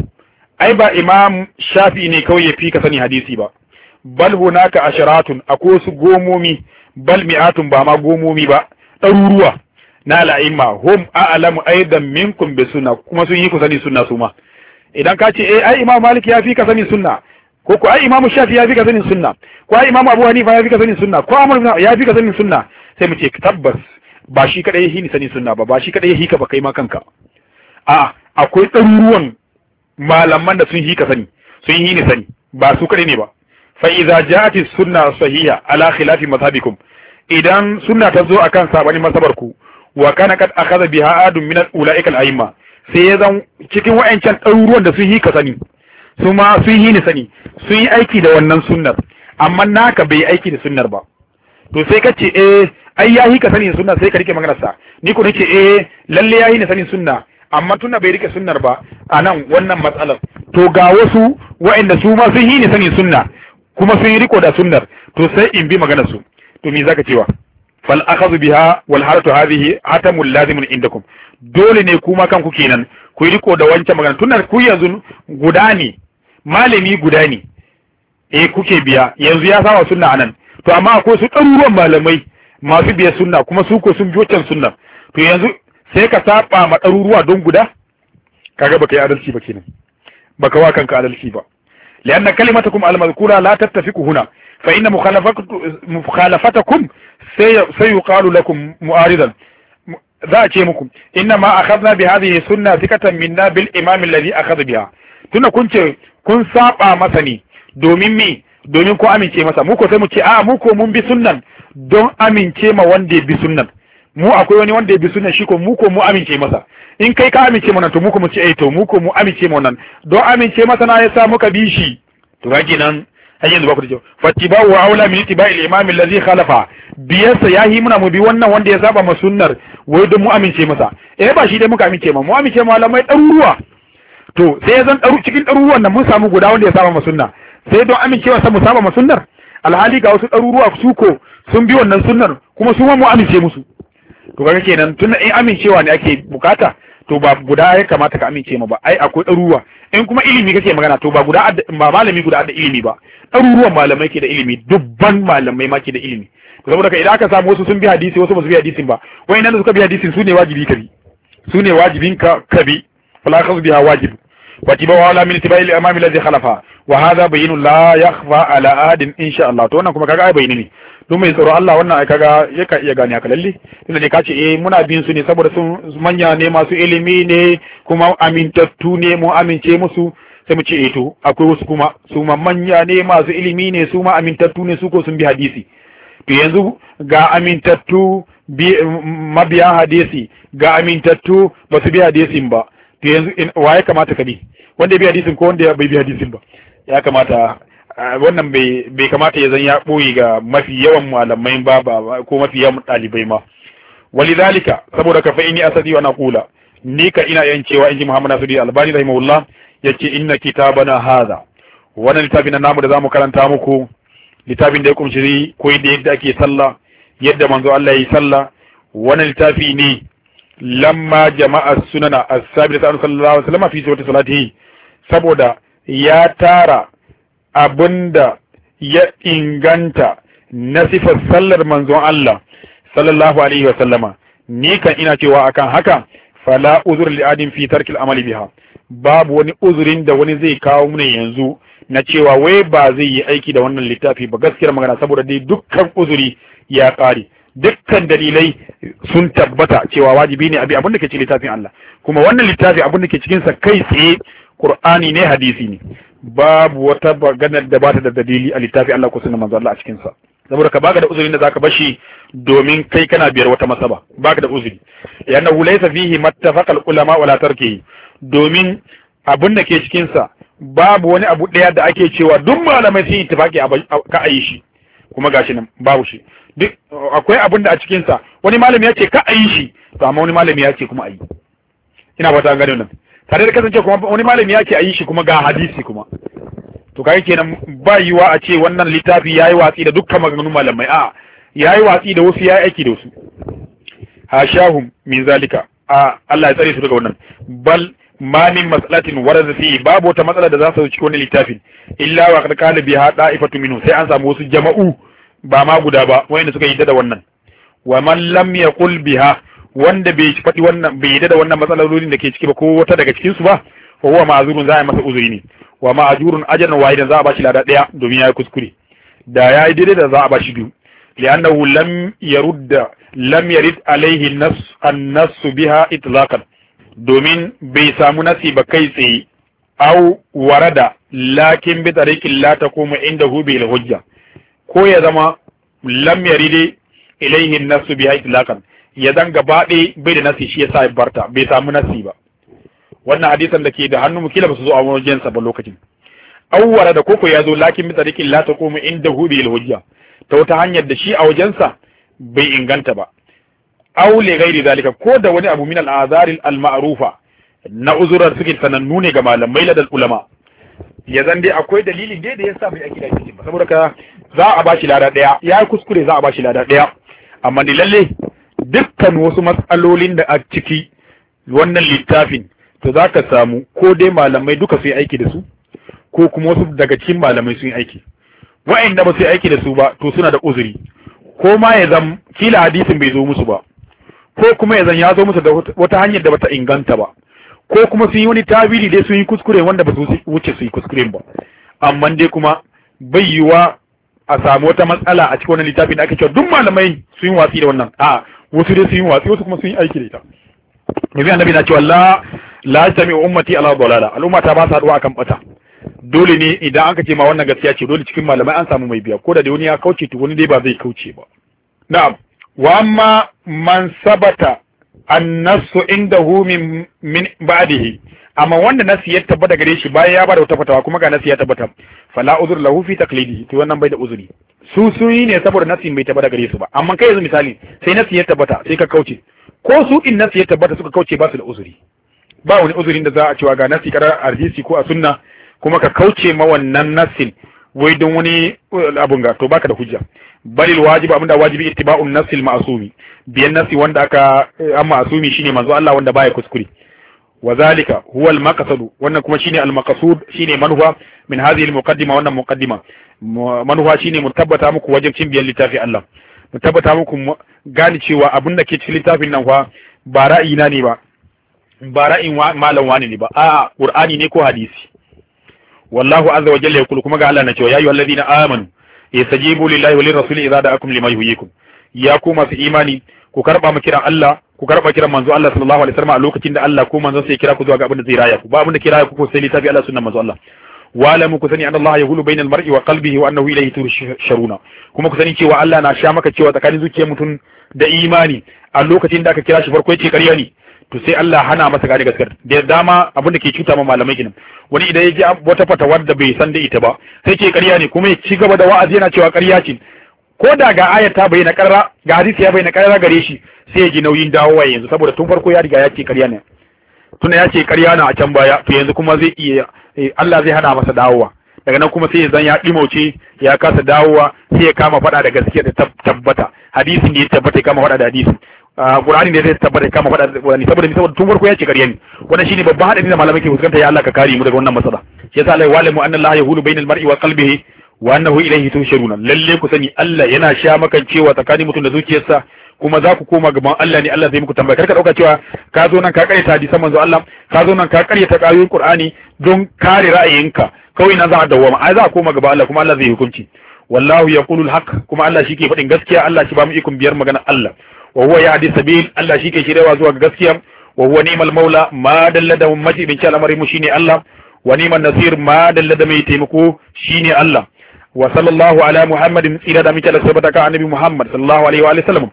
ai ba imam shafi'i ne kawai ya fi ka sani hadisi ba bal hunaka asharatun akwai su gomomi bal mi'atun ba ma gomomi ba ɗaruruwa na la'imma hum a'lamu aidan minkum bi sunna kuma sun yi ku sani sunna su ma idan ka ce eh ai imam malik ya fi ka sani sunna ko ko ai imam shafi ya fi ka sani sunna ko ai imam abu hanifa ya fi ka sani sunna ko amr ya fi ka sani sunna sai mu ce tabbas ba shi kadai yahi ni sani sunna ba ba shi kadai ka ba kai ma kanka a akwai ɗaruruwan malaman da sun yi ka sani sun yi ni sani ba su kadai ne ba Fa'iza idza ja'at sunna sahiha ala khilafi madhhabikum idan sunna ta zo akan sabani masabar ku wa kana kad akhadha biha adun min ulaika al-a'imma sai ya zan cikin wayancan ɗaruruwan da sun yi ka sani su ma sun yi ni sani sun yi aiki da wannan sunnar amma naka bai aiki da sunnar ba to sai ka ce eh ai yayi ka sani sunna sai ka rike maganar sa ni ko nace eh lalle yayi ni sani sunna amma tunda bai rike sunnar ba anan wannan matsalar to ga wasu wa'anda su ma sun yi ni sani sunna kuma sun yi riko da sunnar to sai in bi maganarsu. su to me zaka cewa fal akhadhu biha wal haratu hadhihi atamul lazimun indakum dole ne kuma kanku kenan ku yi riko da wancan magana tunda ku yanzu guda ne malami guda eh kuke biya yanzu ya saba sunna anan to amma akwai su ɗaruruwan malamai masu biya sunna kuma su ko sun biyo can sunna to yanzu sai ka saba ma ɗaruruwa don guda kaga baka yi adalci ba kenan baka wa kanka adalci ba لأن كلمتكم المذكورة لا تتفق هنا فإن مخالفتكم سيقال لكم معارضا za a ce muku inna ma akhadna bi hadhihi sunna thikatan minna bil imam alladhi akhadha biha tunda kun ce kun saba masa ne domin me domin ku amince masa mu ko sai mu ce a mu ko mun bi sunnan don amince ma wanda bi sunnan mu akwai wani wanda ya bi sunan shi ko mu ko mu amince masa in kai ka amince mana to mu ko mu ce ai eh, to mu ko mu amince mana nan don amince masa na yasa muka bi shi to gaji nan ai yanzu ba ku da kyau fattiba'u wa aula min ittiba'il imam alladhi khalafa biyarsa yahi muna mu bi wannan wanda ya saba ma sunnar wai don mu amince masa eh ba shi dai muka amince ma mu amince ma lamai daruruwa to sai ya zan daru cikin daruruwan nan mun samu guda wanda ya saba ma sunna sai don amincewa sai mu saba ma sunnar alhali ga wasu daruruwa su ko sun bi wannan sunnar kuma su ma mu amince musu to kaga kenan tun in amincewa ne ake bukata to ba guda ya kamata ka amince ma ba ai akwai ɗaruruwa in kuma ilimi kake magana to ba guda ba malami guda da ilimi ba ɗaruruwan malamai ke da ilimi dubban malamai ma ke da ilimi to saboda ka idan aka samu wasu sun bi hadisi wasu ba su bi hadisin ba nan da suka bi hadisin su ne wajibi ka bi su ne wajibin ka ka bi fala khaz biha wajib wajiba wa ala min tibail al-imam alladhi khalafa wa hadha bayinun la yakhfa ala ahadin insha Allah to wannan kuma kaga ai bayini ne duk mai tsoro Allah wannan ai kaga yakan iya gane haka lalle tunda ne kace eh muna bin su ne saboda sun manya ne masu ilimi ne kuma amintattu ne mu amince musu sai mu ce eh to akwai wasu kuma su ma manya ne masu ilimi ne su ma amintattu ne su ko sun bi hadisi to yanzu ga amintattu mabiya hadisi ga amintattu ba su bi hadisin ba to yanzu waye kamata ka bi wanda ya bi hadisin ko wanda bai bi hadisin ba ya kamata wannan bai kamata ya zan ya ɓoye ga mafi yawan malamai ba ko mafi yawan ɗalibai ma wali zalika saboda ka fa ini asadi wa naqula ni ka ina yan cewa inji Muhammad Asudi Albani rahimahullah yace inna kitabana hadha wannan littafin namu da zamu karanta muku littafin da ya kumshi ko da yadda ake sallah yadda manzo Allah yi sallah wannan littafi ne lamma jama'a sunana as-sabit sallallahu alaihi wasallam fi sawati salatihi saboda ya tara abinda ya inganta na sifar sallar manzon Allah sallallahu alaihi wa sallama ni kan ina cewa akan haka fala uzur li adin fi tarkil amali biha babu wani uzurin da wani zai kawo mana yanzu na cewa wai ba zai yi aiki da wannan littafi ba gaskiyar magana saboda dai dukkan uzuri ya kare dukkan dalilai sun tabbata cewa wajibi ne abi abin da ke cikin littafin Allah kuma wannan littafi abin da ke cikin sa kai tsaye Qur'ani ne hadisi ne babu wata maganar da bata da dalili a littafi Allah ko sunan manzo Allah a cikin sa saboda ka baka da uzuri da zaka bashi domin kai kana biyar wata masaba baka da uzuri yana laysa fihi mattafaqal ulama wala tarki domin abun da ke cikin sa babu wani abu daya da ake cewa duk malamai sun ittifaki ka ayi shi kuma gashi nan babu shi duk akwai abun da a cikin sa wani malami ya ce ka ayi shi to amma wani malami ya ce kuma ayi ina fata gano nan Kare da kasance kuma wani malami yake a yi shi kuma ga hadisi kuma to kai kenan ba yiwa a ce wannan littafi yayi watsi da dukkan maganganun malamai a yayi watsi da wasu yayi aiki da wasu hashahum min zalika a Allah ya tsare su daga wannan bal ma min mas'alatin warada fi babu wata matsala da za su ci wannan littafin illa wa qad qala biha da'ifatu minhu sai an samu wasu jama'u ba ma guda ba wayanda suka yi da wannan wa man lam yaqul biha wanda bai faɗi wannan bai yadda da wannan matsalolin da ke ciki ba ko wata daga cikin su ba fa huwa ma'zurun za a masa uzuri ne wa ma'zurun ajran wahidan za a bashi lada daya domin yayi kuskure da yayi daidai da za a bashi biyu li'annahu lam yarudda lam yarid alaihi nas an-nas biha itlaqan domin bai samu nasi ba kai tsaye au warada lakin bi tariqin la taqumu indahu bil hujja ko ya zama lam yaride ilaihi nas biha itlaqan ya zan gaba bai da nasi shi sa ya barta bai samu nasi ba wannan hadisan da ke da hannu kila ba su zo a sa ba lokacin awwara da koko ya zo lakin bi tariqin la taqumu da bil hujja ta wata hanyar da shi a wajensa bai inganta ba aw li ghairi zalika ko da wani abu min al azaril al ma'rufa na uzurar suke sanannu ne ga malamai ladal ulama ya zan dai akwai dalili dai da yasa bai akida cikin ba saboda ka za a bashi lada daya ya kuskure za a bashi lada daya amma ni lalle dukkan wasu matsalolin da a ciki wannan littafin to za ka samu ko dai malamai duka su yi aiki da su ko kuma wasu daga cikin malamai sun yi aiki da ba su yi aiki da su ba to suna da uzuri ko ma ya zan kila hadisin bai zo musu ba ko kuma ya zan ya zo musu da wata hanyar da bata inganta ba ko kuma sun yi wani tabiri dai sun yi kuskure wanda ba su wuce su yi kuskuren ba amma dai kuma bai yiwa a samu wata matsala a cikin wannan littafin da ake cewa duk malamai sun yi watsi da wannan a wasu dai sun yi watsi wasu kuma sun yi aiki da ita domin annabi na cewa la la tami ummati ala dalala al'umma ta ba su haduwa akan bata dole ne idan aka ce ma wannan gaskiya ce dole cikin malamai an samu mai biya ko da wani ya kauce to wani dai ba zai kauce ba na'am wa amma man sabata annasu indahu min min ba'dihi amma wanda nasi ya tabbata gare shi bayan ya bada wata fatawa kuma ga nasi ya tabbata fala uzur lahu fi taqlidi to wannan bai da uzuri su suyi ne saboda nasi bai tabbata gare su ba amma kai yanzu misali sai nasi ya tabbata sai ka kauce ko su in nasi ya tabbata suka kauce ba su da uzuri ba wani uzurin da za a cewa ga nasi karar arzisi ko a sunna kuma ka kauce ma wannan nasin wai don wani uh, abun ga to baka da hujja balil wajibu abinda wajibi ittiba'un nasil ma'sumi biyan nasi wanda aka eh, amma asumi shine manzo Allah wanda baya kuskure Wazalika, zalika huwa al-maqsad wannan kuma shine al-maqsud shine manhuwa min hadhihi al-muqaddima wannan muqaddima manhuwa shine mu tabbata muku wajibcin biyan littafi Allah mu tabbata muku gane cewa abin da ke cikin littafin nan fa ba ra'ayina ne ba ba ra'ayin malam wani ne ba a'a qur'ani ne ko hadisi wallahu azza wa jalla yaqulu kuma ga Allah na cewa ya ayyuhallazina amanu yastajibu lillahi wa lirrasuli idza da'akum lima yuhyikum ya ku masu imani ku karba mu kiran Allah ku karba kiran manzo Allah sallallahu alaihi wasallam a lokacin da Allah ko manzo sai kira ku zuwa ga abin zai raya ku ba abin da kira ku ko sai littafi Allah sunnan manzo Allah mu ku sani Allah yahulu bainal mar'i wa qalbihi wa annahu ilayhi turshuruna kuma ku sani cewa Allah na sha maka cewa tsakanin zuciyar mutum da imani a lokacin da aka kira shi farko yace ƙarya ne to sai Allah hana masa gane gaskar da dama abin da ke cuta ma malamai kenan wani idan ya ji wata fatawar da bai san da ita ba sai ce ƙarya ne kuma ya ci gaba da wa'azi yana cewa ƙarya ce ko da ga ayar ta bayyana karra ga hadisi ya bayyana karra gare shi sai ya ji nauyin dawowa yanzu saboda tun farko ya riga ya ce karya ne tunda ya ce karya na a can baya to yanzu kuma zai iya eh, Allah zai hana masa dawowa daga nan kuma sai ya zan ya dimauce ya kasa dawowa sai ya kama faɗa da gaskiya da tabbata hadisi ne ya tabbata ya kama faɗa da hadisi Qur'ani ne zai tabbata ya kama faɗa da Qur'ani saboda ni saboda tun farko ya ce karya ne wannan shine babban hadisi da malamai ke fuskanta ya Allah ka kare mu daga wannan matsala shi yasa Allah ya walimu anna Allah yahulu bainal mar'i wa qalbihi wa annahu ilayhi tusharuna lalle ku sani Allah yana sha makan cewa tsakanin mutum da zuciyarsa kuma za ku koma gaban Allah ne Allah zai muku tambaya karka dauka cewa ka zo nan ka karyata hadisan manzo Allah ka zo nan ka karyata kayoyin Qur'ani don kare ra'ayinka kawai na za a dawwama ai za a koma gaban Allah kuma Allah zai hukunci wallahu yaqulul haqq kuma Allah shi ke faɗin gaskiya Allah shi ba mu ikon biyar magana Allah wa huwa yahdi sabil Allah shi ke shirewa zuwa ga gaskiya wa huwa ni'mal maula ma dalla da majibin al'amari mu shine Allah wa ni'man nasir ma dalla da mai taimako shine Allah wa sallallahu ala muhammadin tsira da muke da sabata ka annabi muhammad sallallahu alaihi wa sallam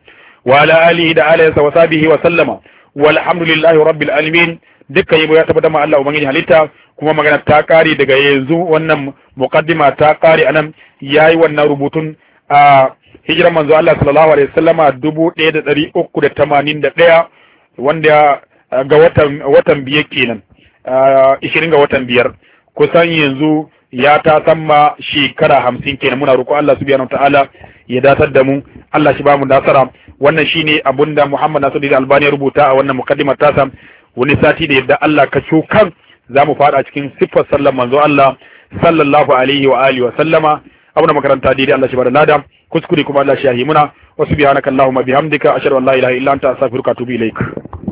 wa ala alihi da alayhi wa sahbihi wa sallama walhamdulillahi rabbil alamin duka yabo ya tabbata ma Allah ubangiji halitta kuma magana ta kare daga yanzu wannan muqaddima ta kare anan yayi wannan rubutun a hijirar manzo Allah sallallahu alaihi wasallama 1381 wanda ga watan watan biyar kenan 20 ga watan biyar kusan yanzu ya ta samma shekara hamsin kenan muna roƙo Allah subhanahu ta'ala ya datar da mu Allah shi ba mu nasara wannan shine abunda Muhammad Nasiruddin Albani ya rubuta a wannan mukaddimar tasa wani sati da yadda Allah ka cokan za mu fada cikin siffar sallar manzo Allah sallallahu alaihi wa alihi wa sallama abuna makaranta daidai Allah shi ba da lada kuskure kuma Allah shi ya himuna wa subhanakallahumma bihamdika ashhadu an la ilaha illa anta astaghfiruka wa atubu ilaik